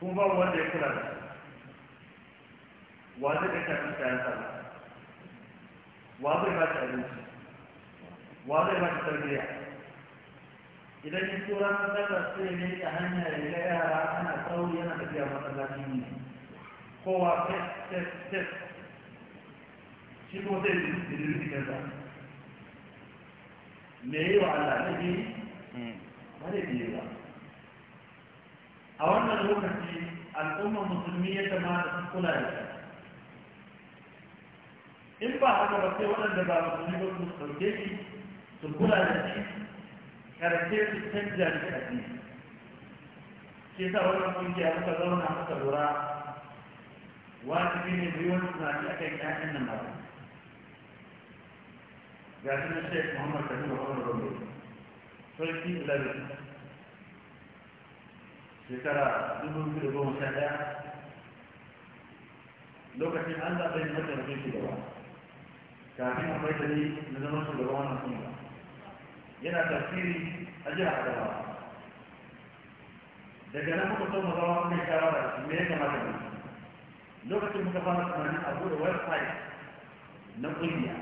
kuma babu wanda ya kula da wa zai ɗan shafin kayan sallah wa zai ba ta abinci wa zai ba ta tarbiyya idan ya tura na sallar sai ne ta hanya ya ga yara ana sauri yana tafiya masallaci ne kowa test test test shi kuma zai yi jirgin kansa me yi wa Allah ne bi hmm. ba zai biye ba a wannan lokaci al'ummar musulmi ya kamata su kula da shi in ba haka ba sai waɗanda ba musulmi ba su sauke shi su kula da shi karshe su canja da kaji ke sa wannan kungiya suka zauna muka lura wajibi ne biyu wani tunani a kan ƴaƴan nan ba ga shi na shek muhammad kabiru wani rumbe sarki ilabi shekara dubu biyu da goma sha ɗaya lokacin allah bai mutum shi gaba kafin akwai tali na zama shugaban wannan kungiya yana tafsiri a jihar adamawa daga nan muka so mu zama mai shawara su me ya kamata mu lokacin muka fara tunanin a bude website na kungiya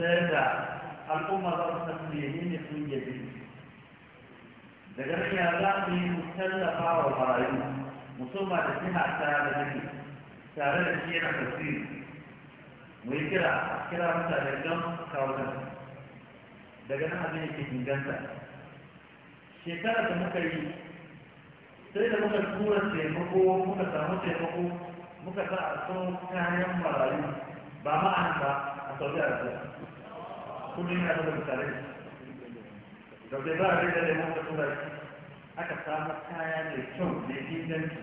sai da al'umma za su san me ne kungiya biyu daga nan ya za mu yi mu tallafa wa marayu musamman da jiha ta da nake tare da shi yana tafsiri mu yi kira kira mutane don kawunan daga nan abin yake inganta shekara da muka yi sai da muka tura taimako muka samu taimako muka sa a sun kayan marayu ba ma'ana ba a saudi arabia kuma yana da mutane da bai ba a da da tura aka samu kaya mai kyau mai inganci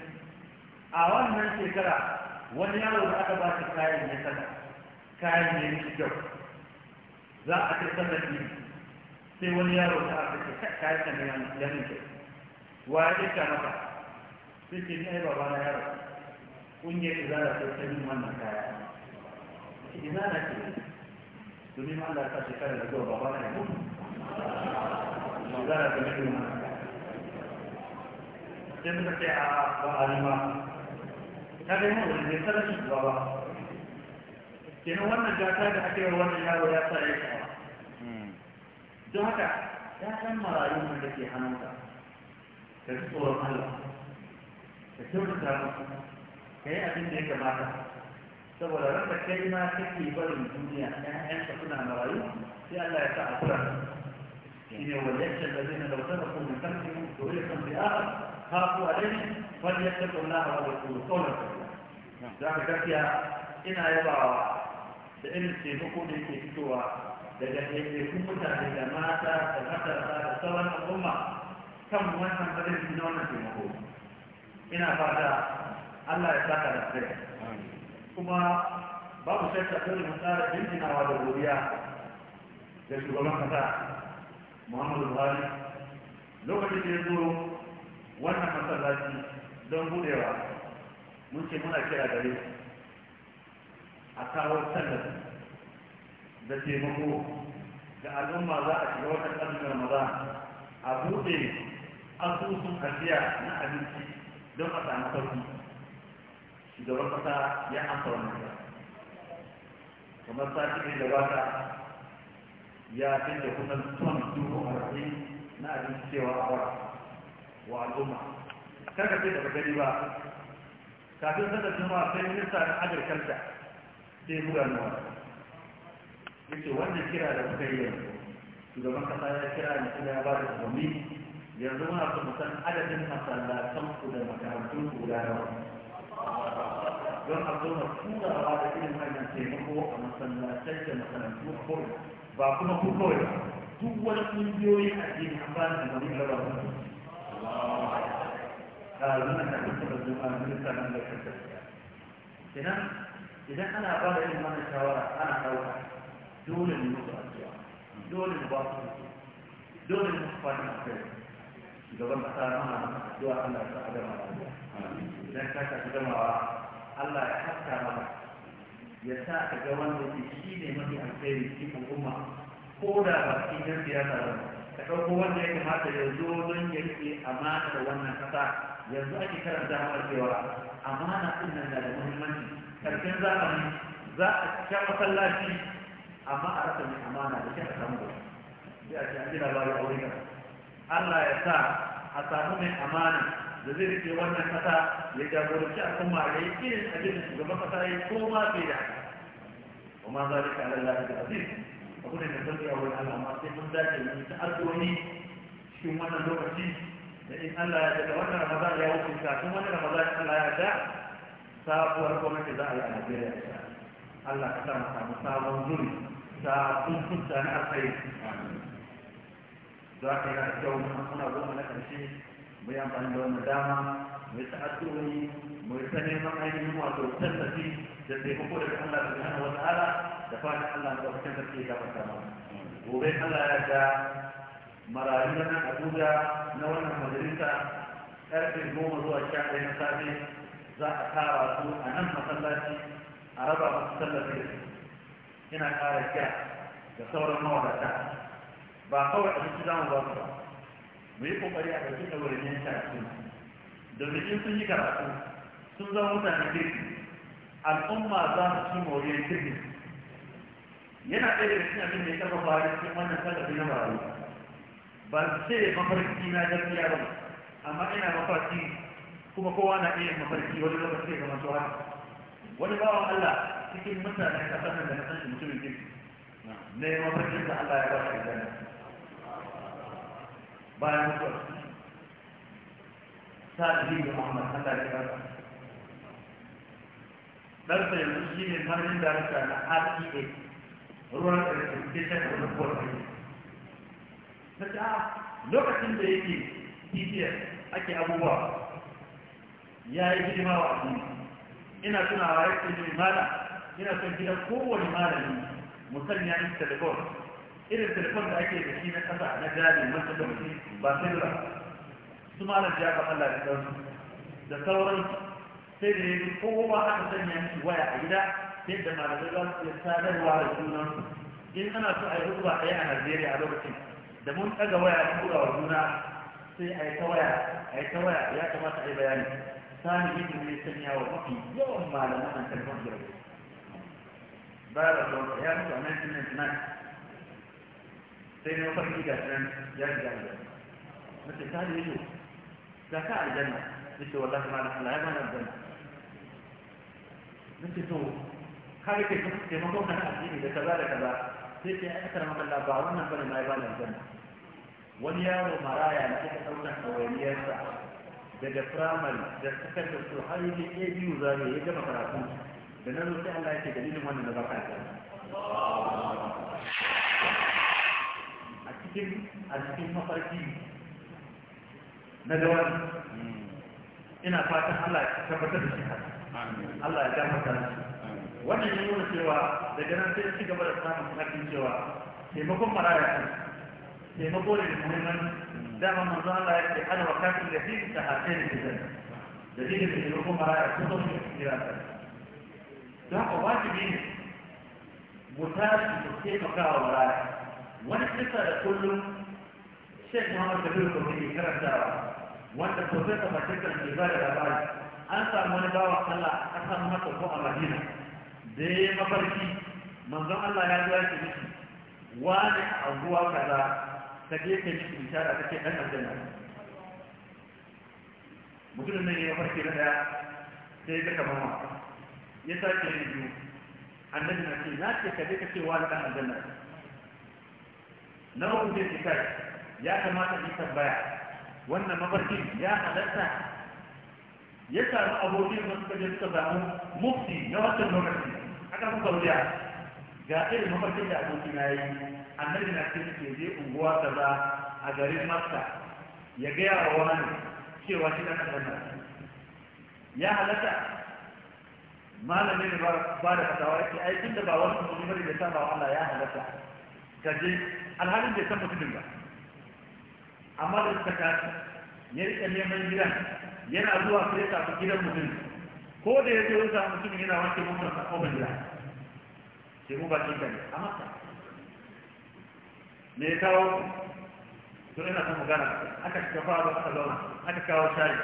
a wannan shekara wani yaro da aka ba shi kayan ya saka kayan ne mai kyau za a ce sallar biyu sai wani yaro ta aka ce kayan kan da ya mai kyau wa ya ɗauka maka sai ce ni ai baba na yaro ƙungiyar izara ta ta yin wannan kaya izara ce domin Allah ta ce shekara da zuwa baba na yaro izara ta yin wannan kaya sai muka ce a ba a rima kada yin wani zai sarar shi ba ba kenan wannan gata da aka yi wannan yaro ya sa ya shawa don haka ya san marayu da ke hannunka ka ji tsoron Allah ka kyautata musu ka yi abin da ya kamata saboda ranka kai ma kake barin duniya ƴaƴanka suna marayu sai Allah ya sa a kula shine wallahi allazina law sadaku min khalqihim tu'likum bi akhar khafu alayhi falyattaqullaha wa yaqulu qawlan sadida da gaskiya ina yabawa da irin taimako da yake fitowa daga ɗaiɗaikun mutane da mata da matasa da sauran al'umma kan wannan madadi na wannan taimako ina fata Allah ya saka da kai kuma babu shakka dole mu tsara jinjinawa da godiya da shugaban kasa Muhammadu Buhari lokacin da ya zo wannan masallaci don budewa mun ce muna kira gare a kawo tallafi da taimako ga al'umma za a shiga wata ƙarfin ramadan a buɗe asusun ajiya na abinci don a samu sauki shugaban ƙasa ya amsa wannan kamar sati ne gabata ya fi da kusan ton dubu arba'in na abinci cewa a wara wa al'umma ka ce da gani ba kafin sadar jama'a sai minista na kanta sai buga nawa ya ce wannan kira da kuka yi yanzu shugaban kasa ya kira ni suna ya ba da umarni yanzu muna so mu san adadin masallatan ku da makarantun ku guda nawa don a zo na tura ba da irin hanyar taimako a masallatan da makarantun ku ba kuma ku kawai ba duk wani ƙungiyoyi ƙungiyoyin addini an ba da umarni ga ba ku. Kalu na kan kusa da zuwa ministan da kansa. Kenan idan ana ba da yin wannan shawara ana ɗauka dole ne musu addu'a dole ne ba su mutu dole ne musu fadin akwai shugaban kasa mana addu'a Allah ya sa adama lafiya idan ka tafi gamawa Allah ya haska maka ya sa ka ga wanda ke shi ne mafi alkhairi cikin al'umma ko da ba cikin yan siyasa ba ka ɗauko wanda ya kamata ya zo don ya ke amana da wannan kasa yanzu ake karanta mana cewa amana ɗin nan da muhimmanci karshen zamani za a sha masallaci amma a rasa mai amana da shi a samu ba sai a ce an ji a wurin Allah ya sa a samu mai amana da zai rike wannan kasa ya jagoranci a al'umma ya yi irin abin da shugaban kasa ya yi a ma bai da وما a على da zai أقول إن ذلك sai الأمر في من ذلك ta تأذوني cikin wannan lokaci da in Allah ya daga wannan Ramadan ya wuce ka kuma wannan Ramadan Allah ya da sabuwar gwamnati za a yi a Najeriya Allah ka sa mu sabon zuri kun fuska na Amin. za ka yi a kyau muna goma na ƙarshe mu yi amfani da wani dama mu yi ta'addu'o'i mu yi ta neman ainihin wato tallafi da taimako daga Allah subhanahu wa ala da fatan Allah da wakilin sarki ke gafarta mana gobe Allah ya ga marayu na Abuja na wannan majalisa karfe goma zuwa sha ɗaya na safe za a tara su a nan masallaci a raba masu tallafi da su yana ƙara kya da sauran mawadata ba kawai abinci za mu ba su ba mu yi ƙoƙari a ɗauki ɗaurin a cikin da in sun yi karatu sun zama mutane kirki al'umma za su ci moriyar kirki yana ɗaya da cikin abin da ya taɓa bayan cikin wannan tallafi na marayu ban ce mafarki na gaskiya ba amma ina mafarki kuma kowa na iya mafarki wani lokaci ga masu haka wani bawan Allah cikin mutanen kasar da na san mutumin kirki ne mafarkin da Allah ya ba shi aljanna bayan mutuwar sa'adu da Muhammad Allah ya ba ɗansa yanzu shi ne marin da aka na REA ruwan certification of report ne na ta ah, lokacin da yake TTS ake abubuwa ya yi hidima wa addini ina tunawa ya ce malam ina son gidan kowane malami musamman ya yi telefon irin telefon da ake da shi na kasa na jari masu da mutum ba sai ba su malam ya ba Allah da da sauran sai da yanzu kowa aka sanya mishi waya a gida sai da malamai za su iya sadarwa da junan in ana so a yi a ɗaya a Najeriya a lokacin da mun ɗaga waya a tura wa juna sai a yi ta waya a yi ta waya ya kamata a yi bayani ثاني ابن ابن تيمية وفقي يوم ما لم أن تنفجر بارك الله يا أخي أنا أنت من سيدنا وفقي إذا كان يرجع مثل ثاني يجوز زكاة الجنة مثل والله ما لك لا يمان الجنة مثل تو خالي كيف تمضون أنا أجيبي لكذا لكذا سيدي أكثر من الله بعضنا بل ما يبان الجنة wani yaro maraya na ita ɗaukar daga firamare da sakandar su har yake ke biyu za ne ya gama karatu da nan sai Allah yake dalilin wannan da baka da a cikin a cikin mafarki na da wani ina fatan Allah ya tabbatar da shi Allah ya gama shi wannan ya nuna cewa daga nan sai ci gaba da samun hakkin cewa taimakon taimako taimakon da muhimmanci دائما من ظهر لها استحالة وكافر لذيذ ساعتين في ذلك لذيذ في الحكومة رأي الكتب في اختلافات دعوا واجبين مساعد في تسكين مكاوى وراء وانا استفاد كله الشيخ محمد كبير الكوميدي كرم دعوة وانا توفيت ما تكرم الإبارة الأبارة أنت من دعوة خلا أخر ما تبقى مدينة دي مباركي منظم الله يا دواتي وانا أبوها كذا ka je ka yi bishara ka ce ɗan aljanna mutumin nan ya farke na ɗaya sai ya kama ma ya sake yin biyu annabi na ce na ce ka je ka ce wa ɗan aljanna na uku zai ce ya kamata in tambaya wannan mafarkin ya halatta ya samu abokin wasu kaje suka samu mufti na wancan lokaci aka kuka wuya ga irin mafarkin da abinci na yi annabi na cikin ke je unguwa ta za a garin makka ya gaya wa wani cewa shi da kasan ya halatta malamin ne ba da fasawa yake ai tun da ba wani mutum bane da saba Allah ya halatta ka je alhalin bai san mutumin ba amma da suka tashi ya rike neman gidan yana zuwa sai ya tafi gidan mutum ko da ya je wani samu mutumin yana wanke mutum a kofar gida ce mu baki gani a maka me ya kawo don yana son magana aka shiga faru aka zauna aka kawo shayi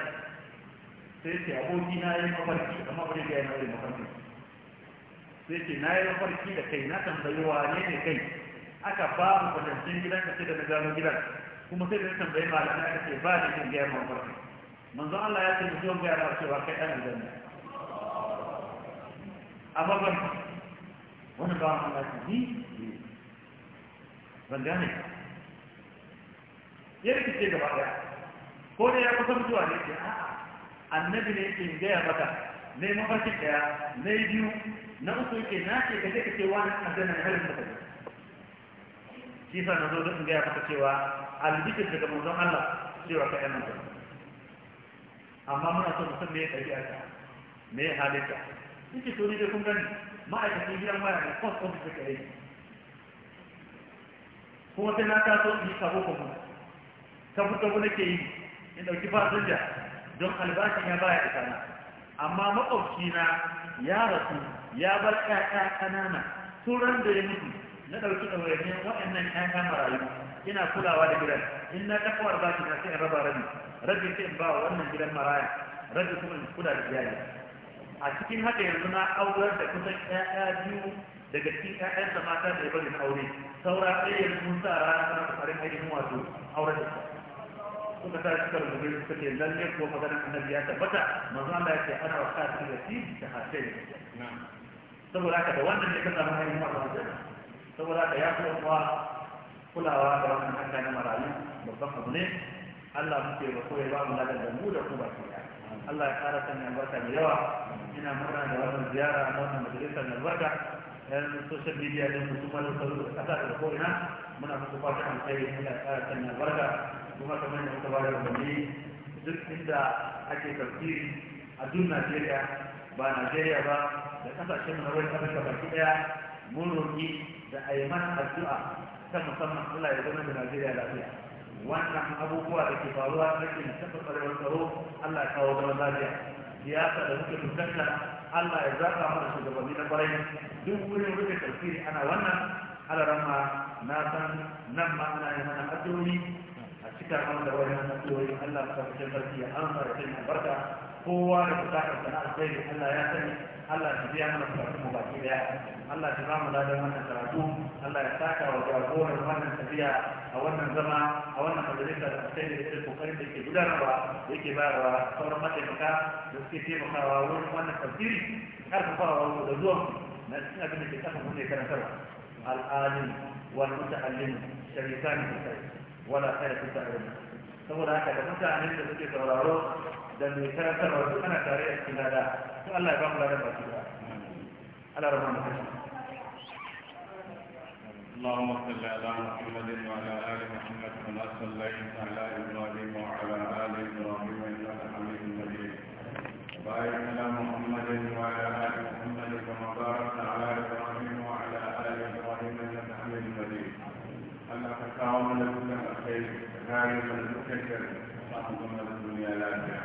sai ce aboki na yi mafarki amma ba zai yana wani mafarki sai ce na yi mafarki da kai na tambayi wa ne ne kai aka ba mu kwatancin gidan ka sai da na gano gidan kuma sai da na tambayi malamai aka ce ba ne kan gaya mafarki manzon Allah ya ce mu zo gaya ma cewa kai ɗan gidan ne amma ban wani bawan Allah su ban gane ya rikice gaba daya ko da ya kusa mutuwa ne ke a'a annabi ne yake gaya maka ne mafarki daya na biyu na uku yake na ce ka je ka ce wani azana ne halin mutane shi sa na zo don daga manzon Allah cewa ka yana mutane amma muna so mu san me ya ɗabi'a me ya halitta yake to ni kun gani ma'aikacin gidan waya da post office da kare kuma sai na taso in yi sabo kuma ta fito nake yi in ɗauki fasinja don albashin ya baya da sana amma makwabci na ya rasu ya bar ƴaƴa ƙanana turan da ya mutu na ɗauki ɗawainiyar waɗannan ƴaƴa marayu ina kulawa da gidan in na ɗaukawar bashi na sai in raba rabi rabi sai in ba wa wannan gidan maraya rabi kuma in kula da iyali a cikin haka yanzu na aurar da kusan ƴaƴa biyu daga cikin ƴaƴansa mata da ya aure saura ɗaya yanzu mun sa rana ta aiki ainihin wato aure da su suka sa suka rubuce suka ce lalle ko maganar annabi ya tabbata manzo Allah ya ce ana wa kafi da fi da hasai saboda haka da wannan ne ka samu ainihin wato saboda haka ya kuma kulawa da wannan hankali marayu babban abu ne Allah muke ba ko ba mu ladan da mu da ku ba ke Allah ya ƙara sanya albarka da yawa ina murna da wannan ziyara a wannan majalisar albarka yan social media din kuma da sauri da ƙasa da ko'ina muna musu fata an kai Allah ya ƙara sanya albarka kuma kamar da muka bada rubuni duk inda ake tafsiri a duk Najeriya ba Najeriya ba da ƙasashen na wani Afirka baki ɗaya mun roƙi da a yi mana addu'a kan musamman Allah ya zama da Najeriya lafiya. wannan abubuwa da ke faruwa rashin tabbatarwar tsaro Allah ya kawo zaman lafiya siyasa da muke fuskanta Allah ya zaɓa mana shugabanni na kwarai duk wurin rufe tafsiri ana wannan alarama na san nan ma ana yi mana addu'o'i a cika mana da wani addu'o'i Allah ya sa cikin sarki ya amsa da cikin albarka kowa da bukatar sana'a sai Allah ya sani Allah ya biya mana bukatun mu baki daya Allah ya mu ladan wannan karatu Allah ya saka wa jagoran wannan tafiya a wannan zama a wannan majalisa da sai da yake kokarin da yake gudanarwa yake bayarwa sauran mataimaka da suke taimakawa wurin wannan tafsiri karfafawa da zuwan na cikin abin da ke kafa mun ne karantarwa al'alim wal muta'allim sharikan wala khayra fi ta'lim saboda haka da mutane da suke sauraro da mai karantarwa su ana tare a cikin lada to Allah ya ba ladan baki da Allah rahman da kashi اللهم صل على محمد وعلى ال محمد كما صليت على ابراهيم وعلى ال ابراهيم انك حميد مجيد وبارك على محمد وعلى ال محمد كما باركت على ابراهيم وعلى ال ابراهيم انك حميد مجيد اللهم تعاون لكم الخير غالبا kakkar masu zama da duniya lafiya